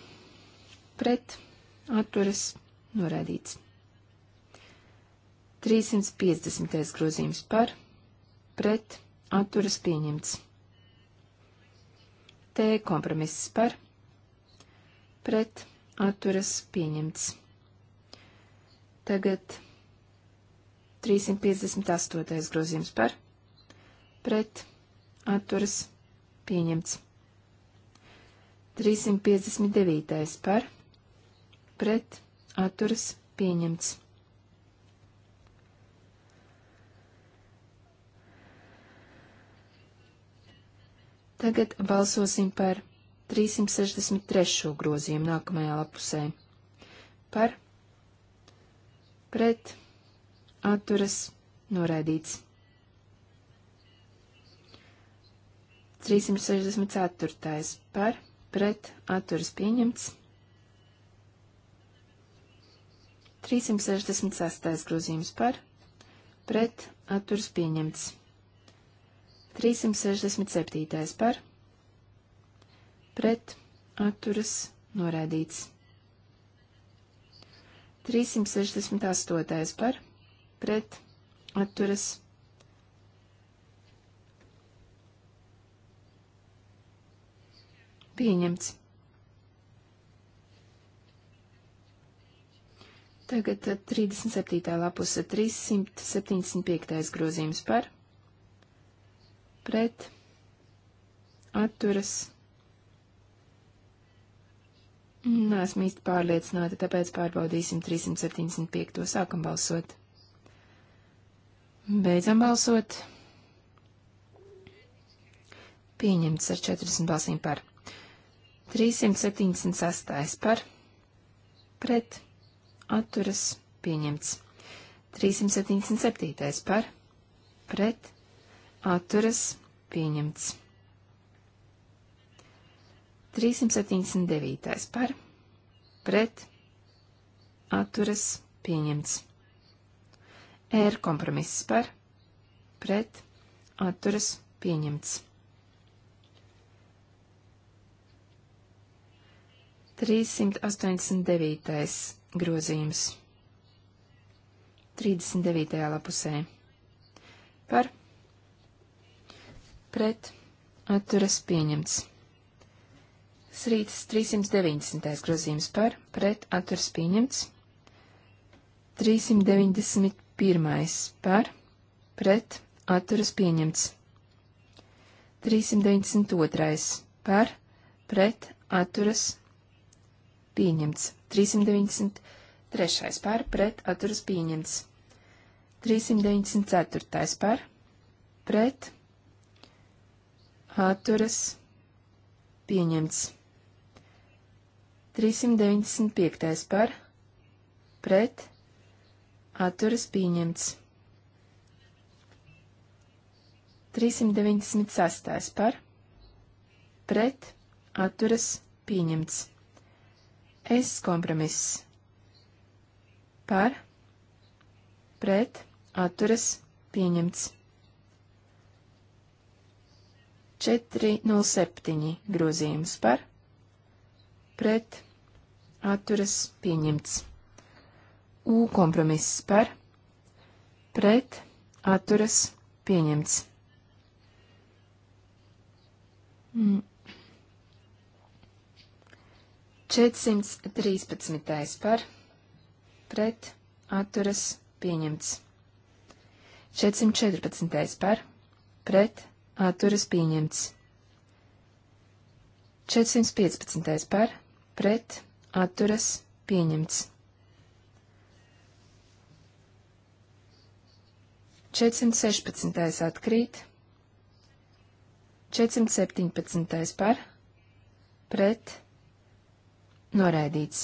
pret, atturas, noraidīts. 350. grozījums par, pret, atturas pieņemts. T kompromiss par, pret, atturas pieņemts. Tagad 358. grozījums par, pret, atturas pieņemts. 359. par pret atturas pieņemts. Tagad balsosim par 363. grozījumu nākamajā lapusē. Par pret atturas noraidīts. 364. par pret atturas pieņemts. 368. grozījums par pret atturas pieņemts. 367. par pret atturas norādīts. 368. par pret atturas pieņemts. Tagad 37. lapuse 375. grozījums par, pret, atturas. Nāsmu īsti pārliecināta, tāpēc pārbaudīsim 375. sākam balsot. Beidzam balsot. Pieņemts ar 40 balsīm par. 376. par pret atturas pieņemts. 377. par pret atturas pieņemts. 379. par pret atturas pieņemts. R kompromiss par pret atturas pieņemts. 389. grozījums 39. lapusē par pret atturas pieņemts. Srītas 390. grozījums par pret atturas pieņemts. 391. par pret atturas pieņemts. 392. par pret atturas pieņemts pieņemts. 393. par pret atturas pieņemts. 394. par pret atturas pieņemts. 395. par pret atturas pieņemts. 396. par pret atturas pieņemts. Es kompromiss. Par, pret, atturas, pieņemts. 407 grozījums par, pret, atturas, pieņemts. U kompromiss par, pret, atturas, pieņemts. Mm. 413. par pret atturas pieņemts. 414. par pret atturas pieņemts. 415. par pret atturas pieņemts. 416. atkrīt. 417. par pret Noraidīts.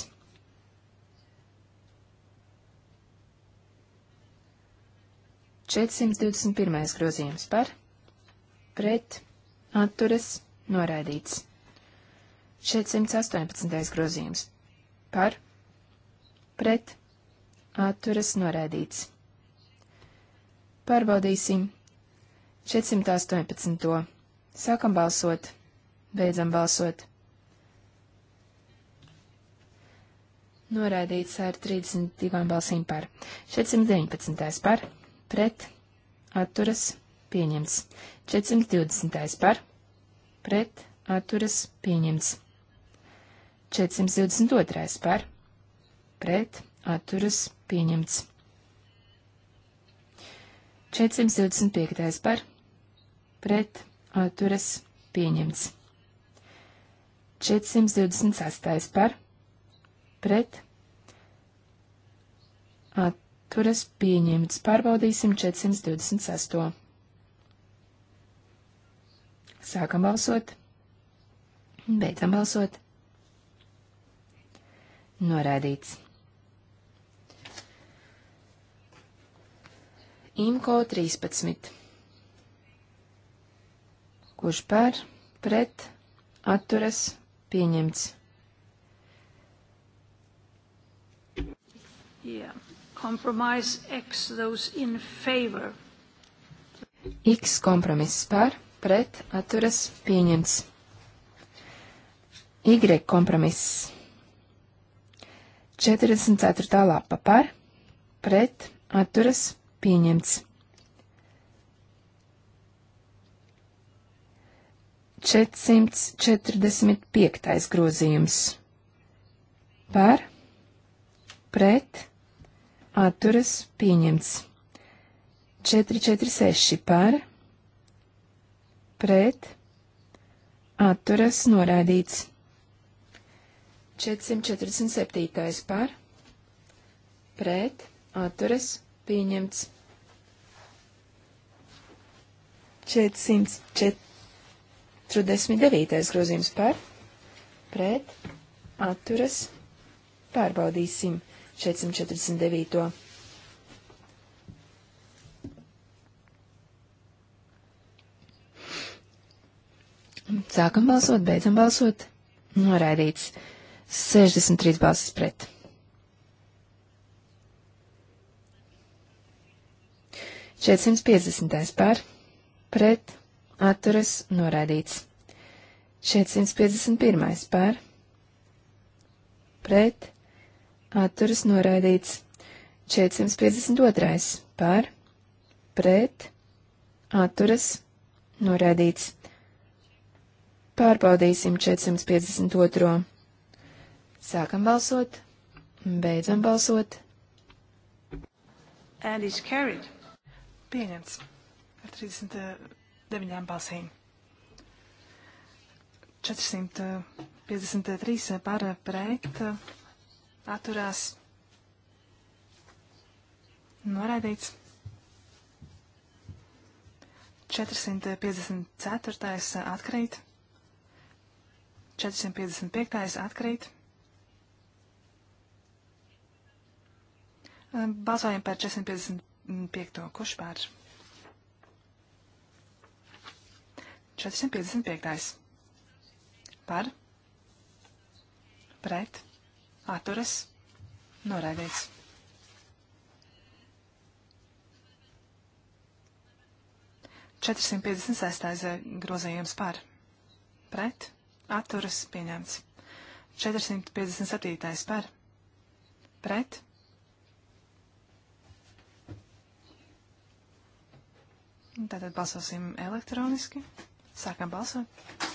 Četrsimt divdesmit pirmais grozījums par, pret, atturas, noraidīts. 418. grozījums par, pret, atturas noraidīts. Pārbaudīsim 418. Sākam balsot, beidzam balsot. Noraidīts ar 32 balsīm par. 419. par. Pret. Atturas. Pieņemts. 420. par. Pret. Atturas. Pieņemts. 422. par. Pret. Atturas. Pieņemts. 425. par. Pret. Atturas. Pieņemts. 426. par pret atturas pieņemts. Pārbaudīsim 426. Sākam balsot. Beidzam balsot. Norādīts. Imko 13. Kurš par, pret, atturas, pieņemts. Yeah. Compromise X, those in favor. X kompromiss par, pret, atturas, pieņemts. Y kompromiss. 44. lapa par, pret, atturas, pieņemts. 445. grozījums par, pret, atturas pieņemts. 446 par, pret, atturas noraidīts. 447 par, pret, atturas pieņemts. 449 grozījums par, pret, atturas pārbaudīsim. 449. Sākam balsot, beidzam balsot. Noraidīts. 63 balsis pret. Četrsimt piecdesmitais pār, pret, atturas, noraidīts. Četrsimt piecdesmit pirmais pār, pret, atturas noraidīts. 452. par, pret, atturas noraidīts. Pārbaudīsim 452. Sākam balsot, beidzam balsot. And is carried. Pieņemts ar 39 balsīm. 453 par pret atturās noraidīts. 454. atkrīt. 455. atkrīt. Balsojam par 455. Kurš pār? 455. Par? Pret? atturas, noraidīts. Četrsimt piecdesmit sestais eh, grozījums par, pret, atturas, pieņemts. Četrsimt piecdesmit septītais par, pret, Tātad balsosim elektroniski. Sākam balsot.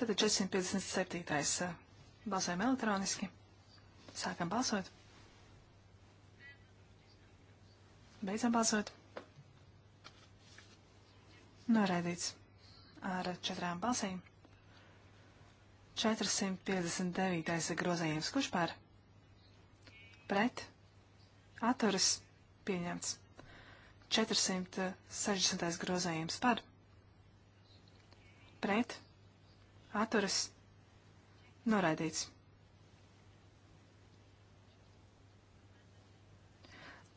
Tad 457. Balsojam elektroniski. Sākam balsot. Beidzam balsot. Noraidīts ar četrām balsīm. 459. grozējums. Kurš pār? Pret. Atturas. Pieņemts. 460. grozējums par. Pret atturas noraidīts.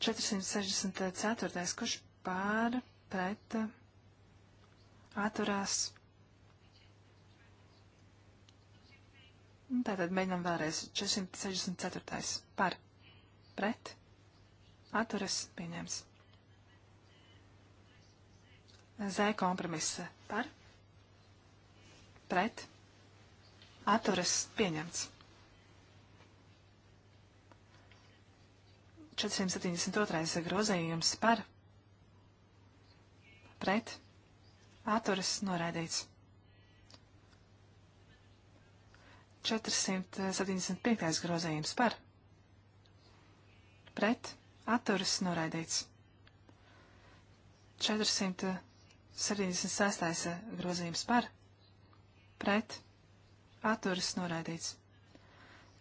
464. kurš pār pret atturās. Tātad mēģinām vēlreiz. 464. par pret atturas pieņems. Z kompromiss par pret atturas pieņemts. 472. grozījums par pret atturas noraidīts. 475. grozījums par pret atturas noraidīts. 476. grozījums par pret pret, atturas noraidīts.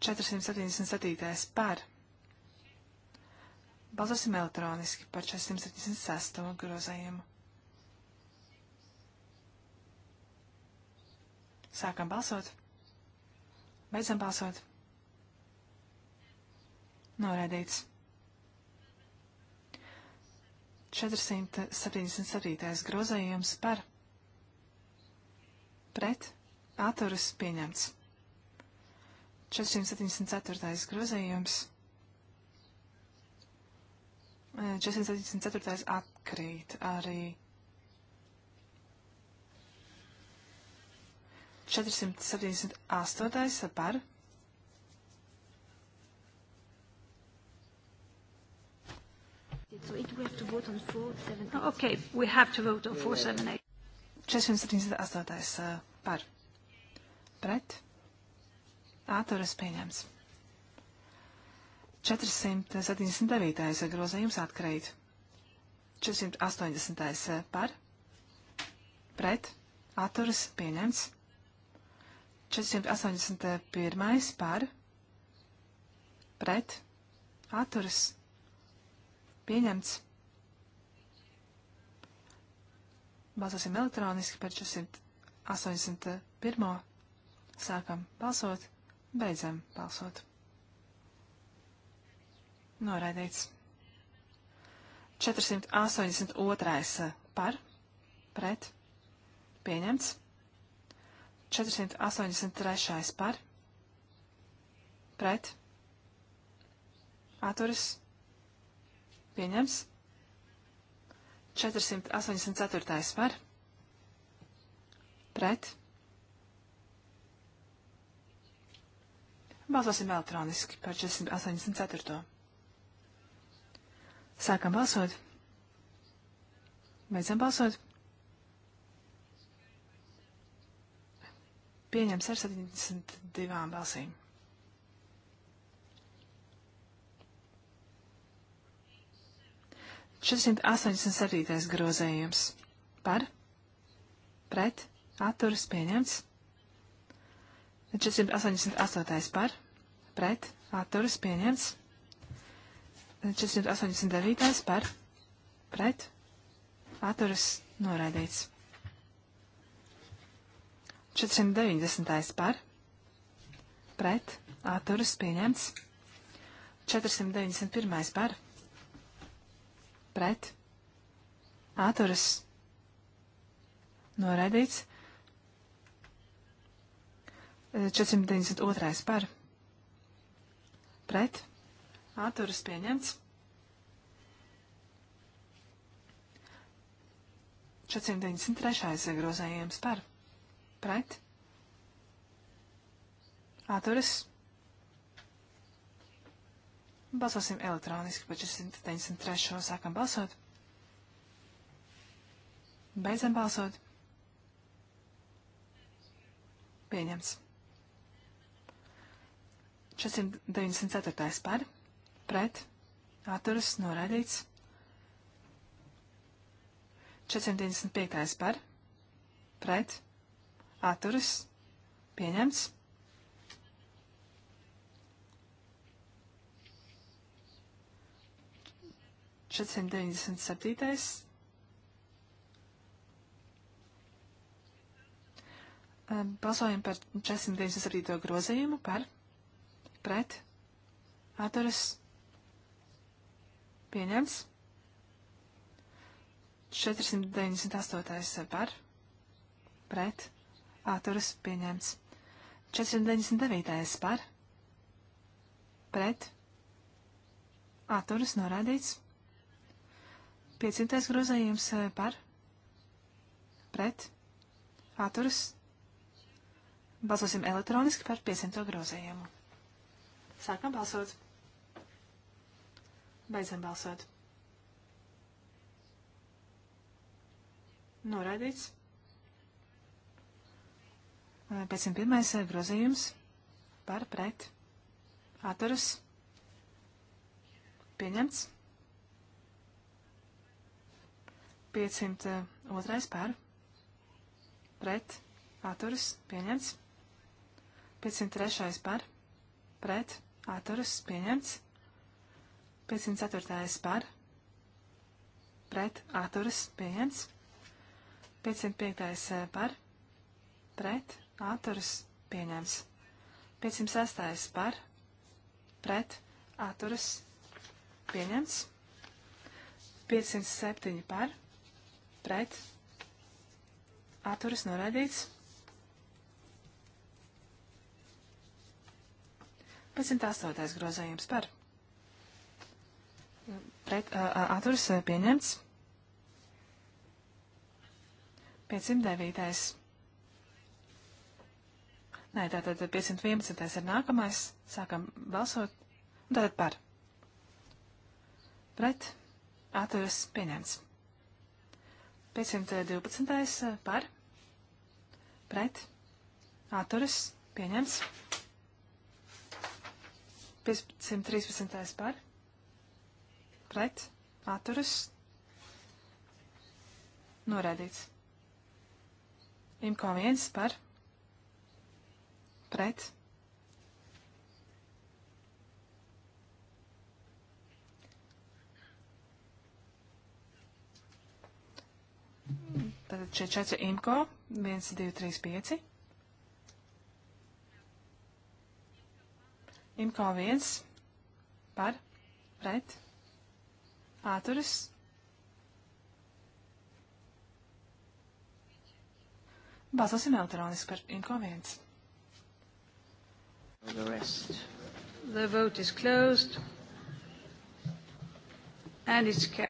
477. par. Balsosim elektroniski par 476. grozējumu. Sākam balsot. Beidzam balsot. Noraidīts. 477. grozējums par pret atturas pieņemts. 474. grozījums. 474. atkrīt arī 478. par So it we have to vote on 478. Okay, we have to vote on 478. 478. par pret, atturas pieņemts. 479. grozījums atkrīt. 480. Eh, par, pret, atturas pieņemts. 481. par, pret, atturas pieņemts. Balsosim elektroniski par 481. Sākam balsot, beidzam balsot. Noraidīts. 482. Eh, par, pret, pieņemts. 483. par, pret, atturis, pieņemts. 484. par, pret, Balsosim elektroniski par 484. Sākam balsot. Beidzam balsot. Pieņems ar 72 balsīm. Šešimt astoņdesmit septītais grozējums. Par? Pret? Atturas pieņemts? 488 par? pret atturas pieņemts. 489. par pret atturas noraidīts. 490. par pret atturas pieņemts. 491. par pret atturas noraidīts. 492. par pret pret, atturas pieņemts. 493. grozējums par pret, atturas. Balsosim elektroniski par 493. sākam balsot. Beidzam balsot. Pieņemts. 494. par, pret, atturas noraidīts. 495. par, pret, atturas, pieņemts. 497. Ehm, balsojam par 497. grozījumu par pret, atturas, pieņemts. 498. par, pret, atturas, pieņemts. 499. par, pret, atturas, norādīts. 500. grozējums eh, par, pret, atturas, Balsosim elektroniski par 500 grozējumu. Sākam balsot. Beidzam balsot. Noraidīts. 501. Eh, grozījums par pret atturas pieņemts. 502. Eh, par pret atturas pieņemts. 503. par pret atturas pieņemts. 504. par pret atturas pieņemts. 505. Eh, par pret atturas pieņemts. 506. par pret atturas pieņemts. 507 par pret atturas noraidīts. 58. grozējums par. Pret atturas pieņemts. 509. Nē, tātad 511. ir nākamais. Sākam balsot. Un tātad par. Pret atturas pieņemts. 512. par. Pret atturas pieņemts. 513. par, pret, atturas, norādīts. Imko 1 par, pret, Tātad šie četri imko, 1, 2, 3, 5. Imko 1 par pret āturis. Balsosim elektroniski par Imko 1. The rest. The vote is closed. And it's kept.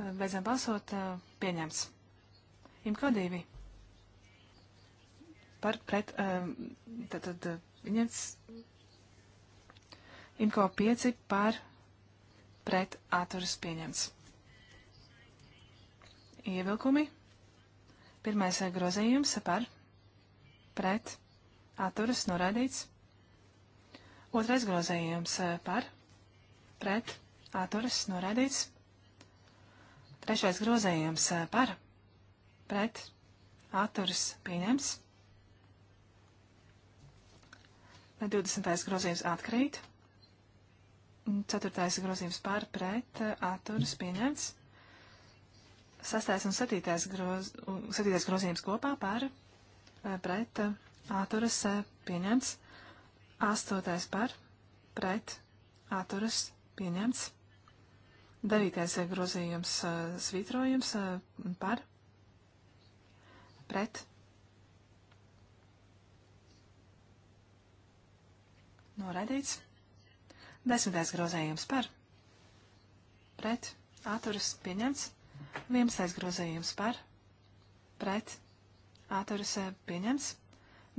Eh, beidzam balsot, eh, pieņemts. Imko 2. Par pret, eh, tad, tad, viņiem Imko 5 par pret atturas pieņemts. Ievilkumi. Pirmais grozījums par pret atturas noraidīts. Otrais grozējums par, pret, atturas, noraidīts. Trešais grozējums par, pret, atturas, pieņems. 20. grozījums atkrīt. Ceturtais grozījums pār pret atturas pieņemts. Sastais un septītais, groz, septītais grozījums kopā pār pret atturas pieņemts. Astotais par pret atturas pieņemts. Devītais grozījums svītrojums par pret. Noraidīts. Desmitais grozējums par, pret, atturas pieņemts. Vienpadsmitais grozējums par, pret, atturas eh, pieņemts.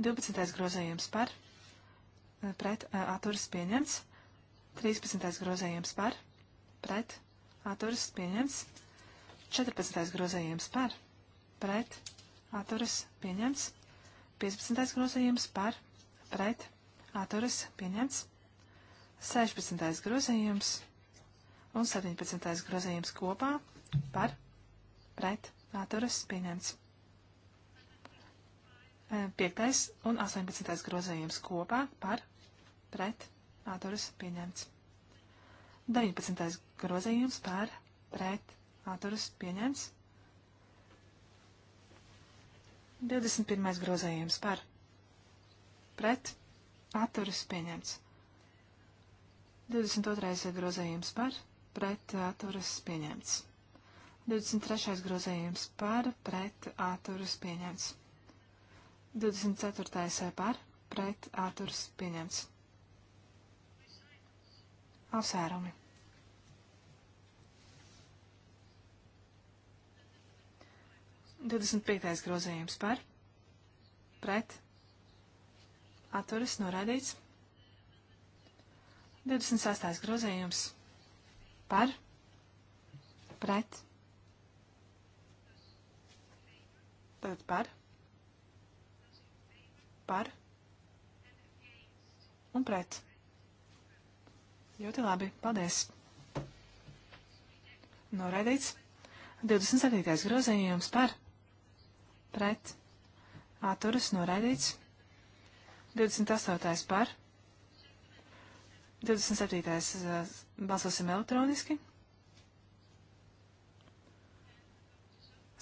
Divpadsmitais grozējums par, eh, pret, eh, atturas pieņemts. Trīspadsmitais grozējums par, pret, atturas pieņemts. Četrpadsmitais grozējums par, pret, atturas pieņemts. Piecpadsmitais grozējums par, pret, atturas pieņemts. 16. grozījums un 17. grozījums kopā par pret atturas pieņemts. 5. E, un 18. grozījums kopā par pret atturas pieņemts. 19. grozījums par pret atturas pieņemts. 21. grozījums par pret atturas pieņemts. 22. grozējums par pret atturas pieņemts. 23. grozējums par pret atturas pieņemts. 24. par pret atturas pieņemts. Apsvērumi. Divdesmit piektais grozījums par, pret, atturas, noraidīts. 26. grozījums par, pret, tad par, par un pret. Ļoti labi, paldies. Noraidīts. 27. grozījums par, pret, atturas, noraidīts. 28. par, pret. 27. Eh, balsosim elektroniski.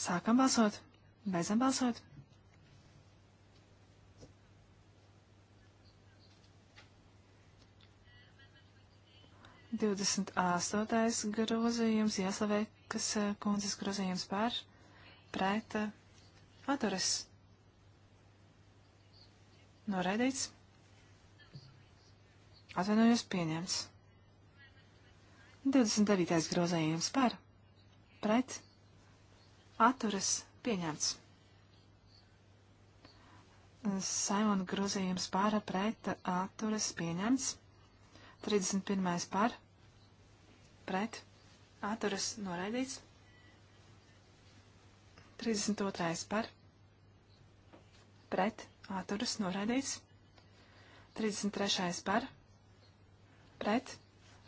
Sākam balsot, beidzam balsot. Divdesmit astotais grozījums, jāslavēkas eh, kundzes grozījums pār, pret, eh, atturas. Noraidīts. Atvainojos pieņemts. 29. grozējums par, pret, atturas pieņemts. Saimona grozījums pāra pret atturas pieņemts. 31. par pret atturas noraidīts. 32. par pret atturas noraidīts. 33. par pret pret,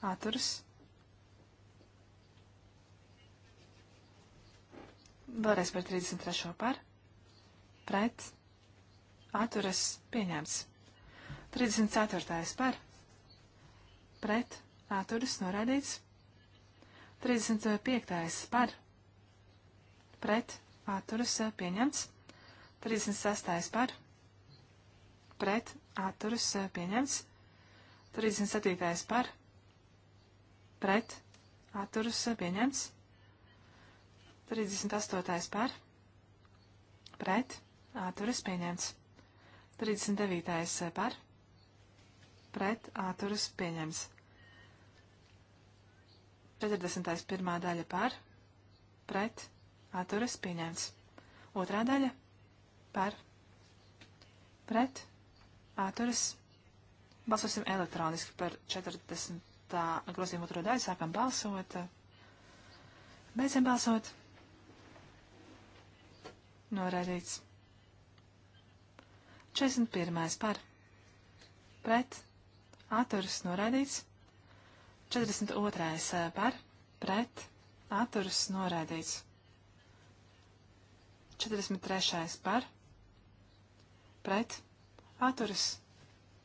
atturas. Vēlreiz par 33. par, pret, atturas, pieņemts. 34. par, pret, atturas, noraidīts. 35. par, pret, atturas, pieņemts. 36. par, pret, atturas, pieņemts. 37. Eh, par, pret, atturas pieņemts. 38. Eh, par, pret, atturas pieņemts. 39. par, pret, atturas pieņemts. 40. pirmā daļa par, pret, atturas pieņemts. Otrā daļa par, pret, atturas pieņemts. Balsosim elektroniski par 40. grozījumu otro daļu. Sākam balsot. Beidzam balsot. Noraidīts. 41. par. Pret. Atturas noraidīts. 42. Eh, par. Pret. Atturas noraidīts. 43. par. Pret. Atturas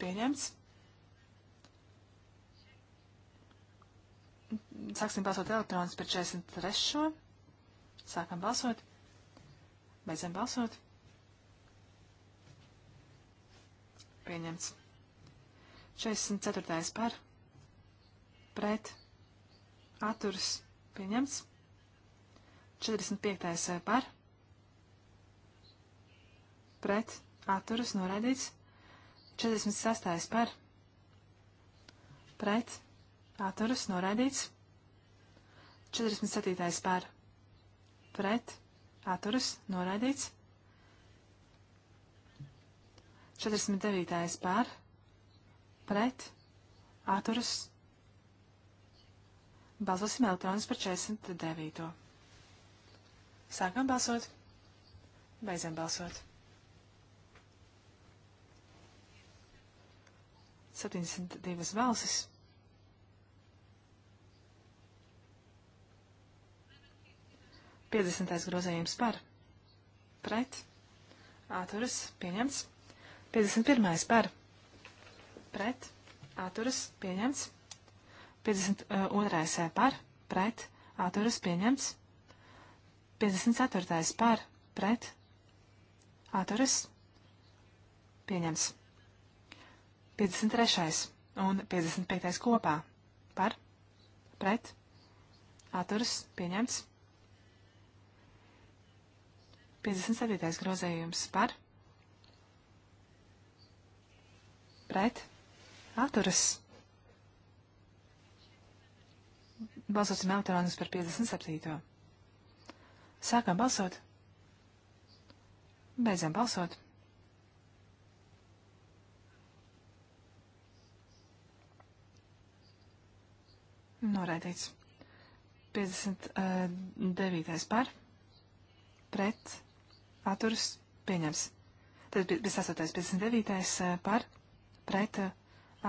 pieņemts. Sāksim balsot elektroniski par 43. Sākam balsot. Beidzam balsot. Pieņemts. 44. par. Pret. Atturs. Pieņemts. 45. Eh, par. Pret. Atturas noraidīts. 46. par. Pret. Atturas noraidīts. 47. pār pret atturas noraidīts. 49. pār pret atturas. Balsosim elektronis par 49. Sākam balsot. Beidzam balsot. 72 balsis 50. grozējums par, pret, atturas, pieņemts. 51. par, pret, atturas, pieņemts. 52. Uh, uh, par, pret, atturas, pieņemts. 54. par, pret, atturas, pieņemts. 53. un 55. kopā par, pret, atturas, pieņemts. 57. grozējums par, pret, atturas. Balsosim elektroniskus par 57. Sākam balsot. Beidzam balsot. Noraidīts. 59. Eh, par, pret, atturas pieņems. Tad 58. 59. Eh, par pret eh,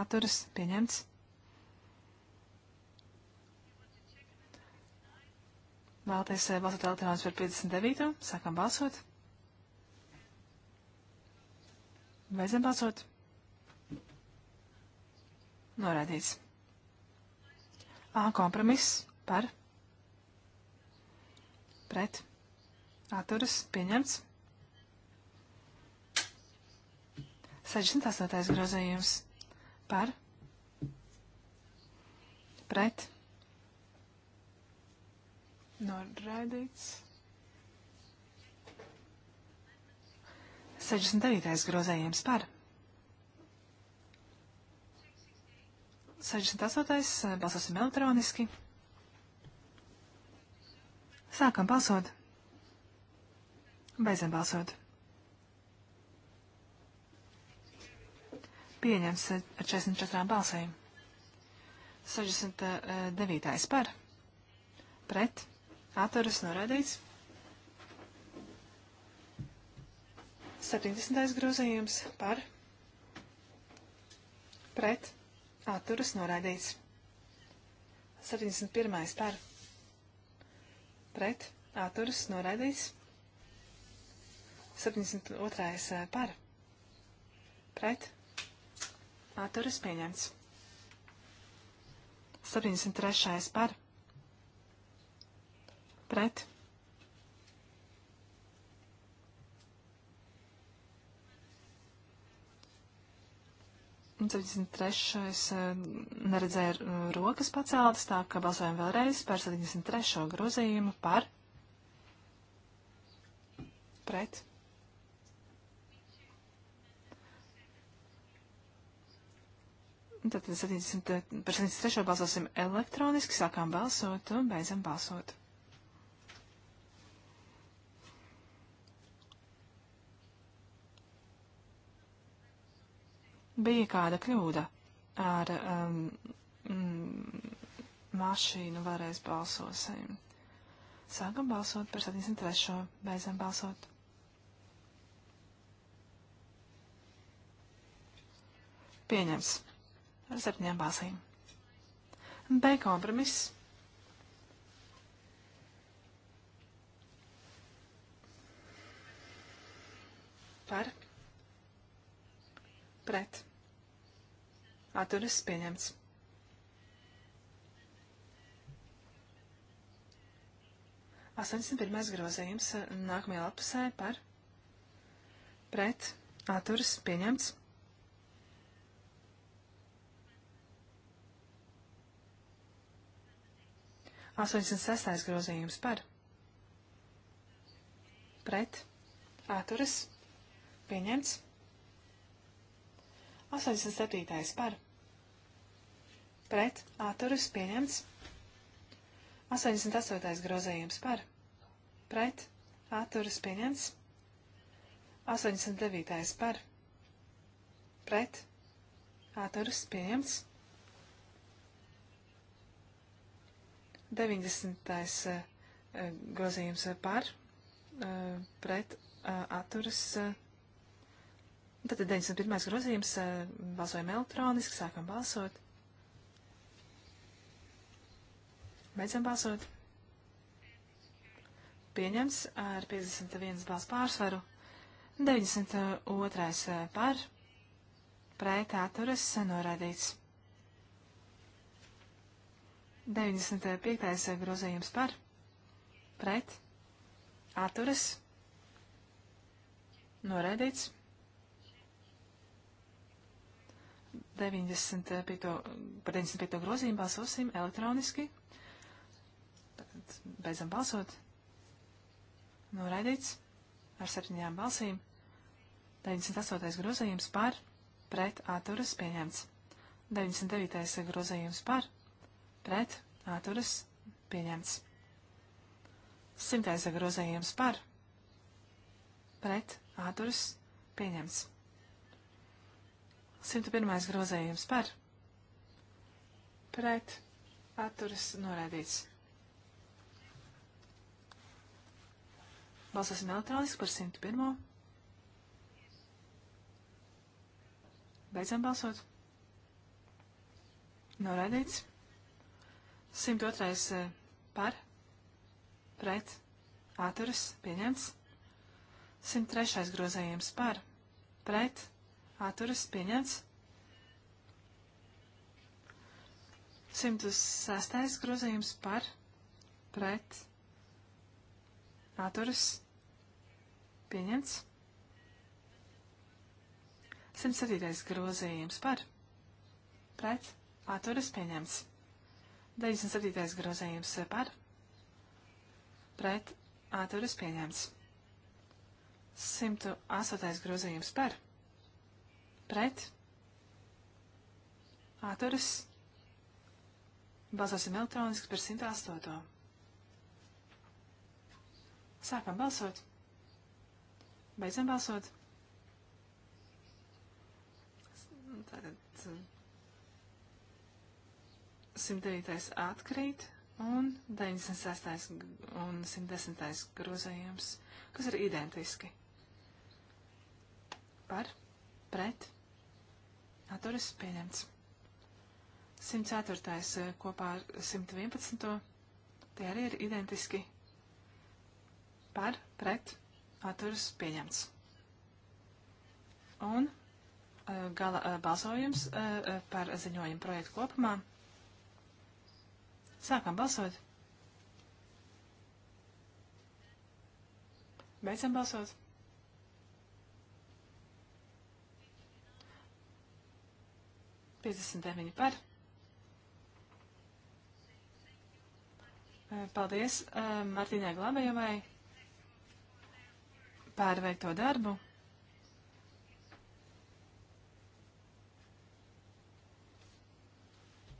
atturas pieņemts. Vēlaties eh, balsot elektroniski par 59. Sākam balsot. Beidzam balsot. Norādīts. A kompromiss par pret atturas pieņemts. 68. grozējums par pret noraidīts. 69. grozējums par 68. balsosim elektroniski. Sākam balsot. Beidzam balsot. Pieņems ar 44 balsēm. 69. par. Pret. Atturas norādīts. 70. grozījums par. Pret. Atturas norādīts. 71. par. Pret. Atturas norādīts. 72. Eh, par. Pret. Atturas pieņemts. 73. par. Pret. Un 73. Eh, neredzēja rokas paceltas, tā ka balsojam vēlreiz par 73. grozījumu par pret. Tad 70, eh, par 73. balsosim elektroniski, sākām balsot un beidzam balsot. Bija kāda kļūda ar um, mm, mašīnu vēlreiz balsosim. Sākam balsot par 73. beidzam balsot. Pieņems ar septiņām balsīm. B kompromiss. Par. Pret. Atturis pieņemts. Astoņdesmit pirmais grozījums nākamajā lapusē par. Pret. Atturis pieņemts. 86. grozījums par pret atturas pieņemts. 87. par pret atturas pieņemts. 88. grozījums par pret atturas pieņemts. 89. par pret atturas pieņemts. 90. Eh, eh, grozījums par, eh, pret, atturas. Tātad 91. grozījums, balsojam elektroniski, sākam balsot. Beidzam balsot. Pieņems ar 51 balsu pārsvaru. 92. par, pret, atturas, norādīts. 95. grozījums par, pret, atturas, noraidīts. 95. par 95. grozījumu balsosim elektroniski. Tad beidzam balsot. Noraidīts ar septiņām balsīm. 98. grozījums par, pret atturas pieņemts. 99. grozījums par, pret, atturas, pieņemts. Simtais grozējums par, pret, atturas, pieņemts. 101. grozējums par, pret, atturas, norādīts. Balsosim elektroniski par 101. Beidzam balsot. Norādīts. 102. Eh, par, pret, atturas, pieņemts. 103. grozējums par, pret, atturas, pieņemts. 106. grozējums par, pret, atturas, pieņemts. 107. grozējums par, pret, atturas, pieņemts. 97. grozējums par pret atturas pieņemts. 108. grozējums par pret atturas balsosim elektroniski par 108. Sākam balsot. Beidzam balsot. Tātad 109. atkrīt un 96. un 110. grozējums, kas ir identiski. Par, pret, atturas pieņemts. 104. Eh, kopā ar 111. Tie arī ir identiski. Par, pret, atturas pieņemts. Un eh, gala eh, balsojums par ziņojumu projektu kopumā. Sākam balsot. Beidzam balsot. Piecdesmit deviņi par. Eh, paldies eh, Martīnai Glabajovai par veikto darbu.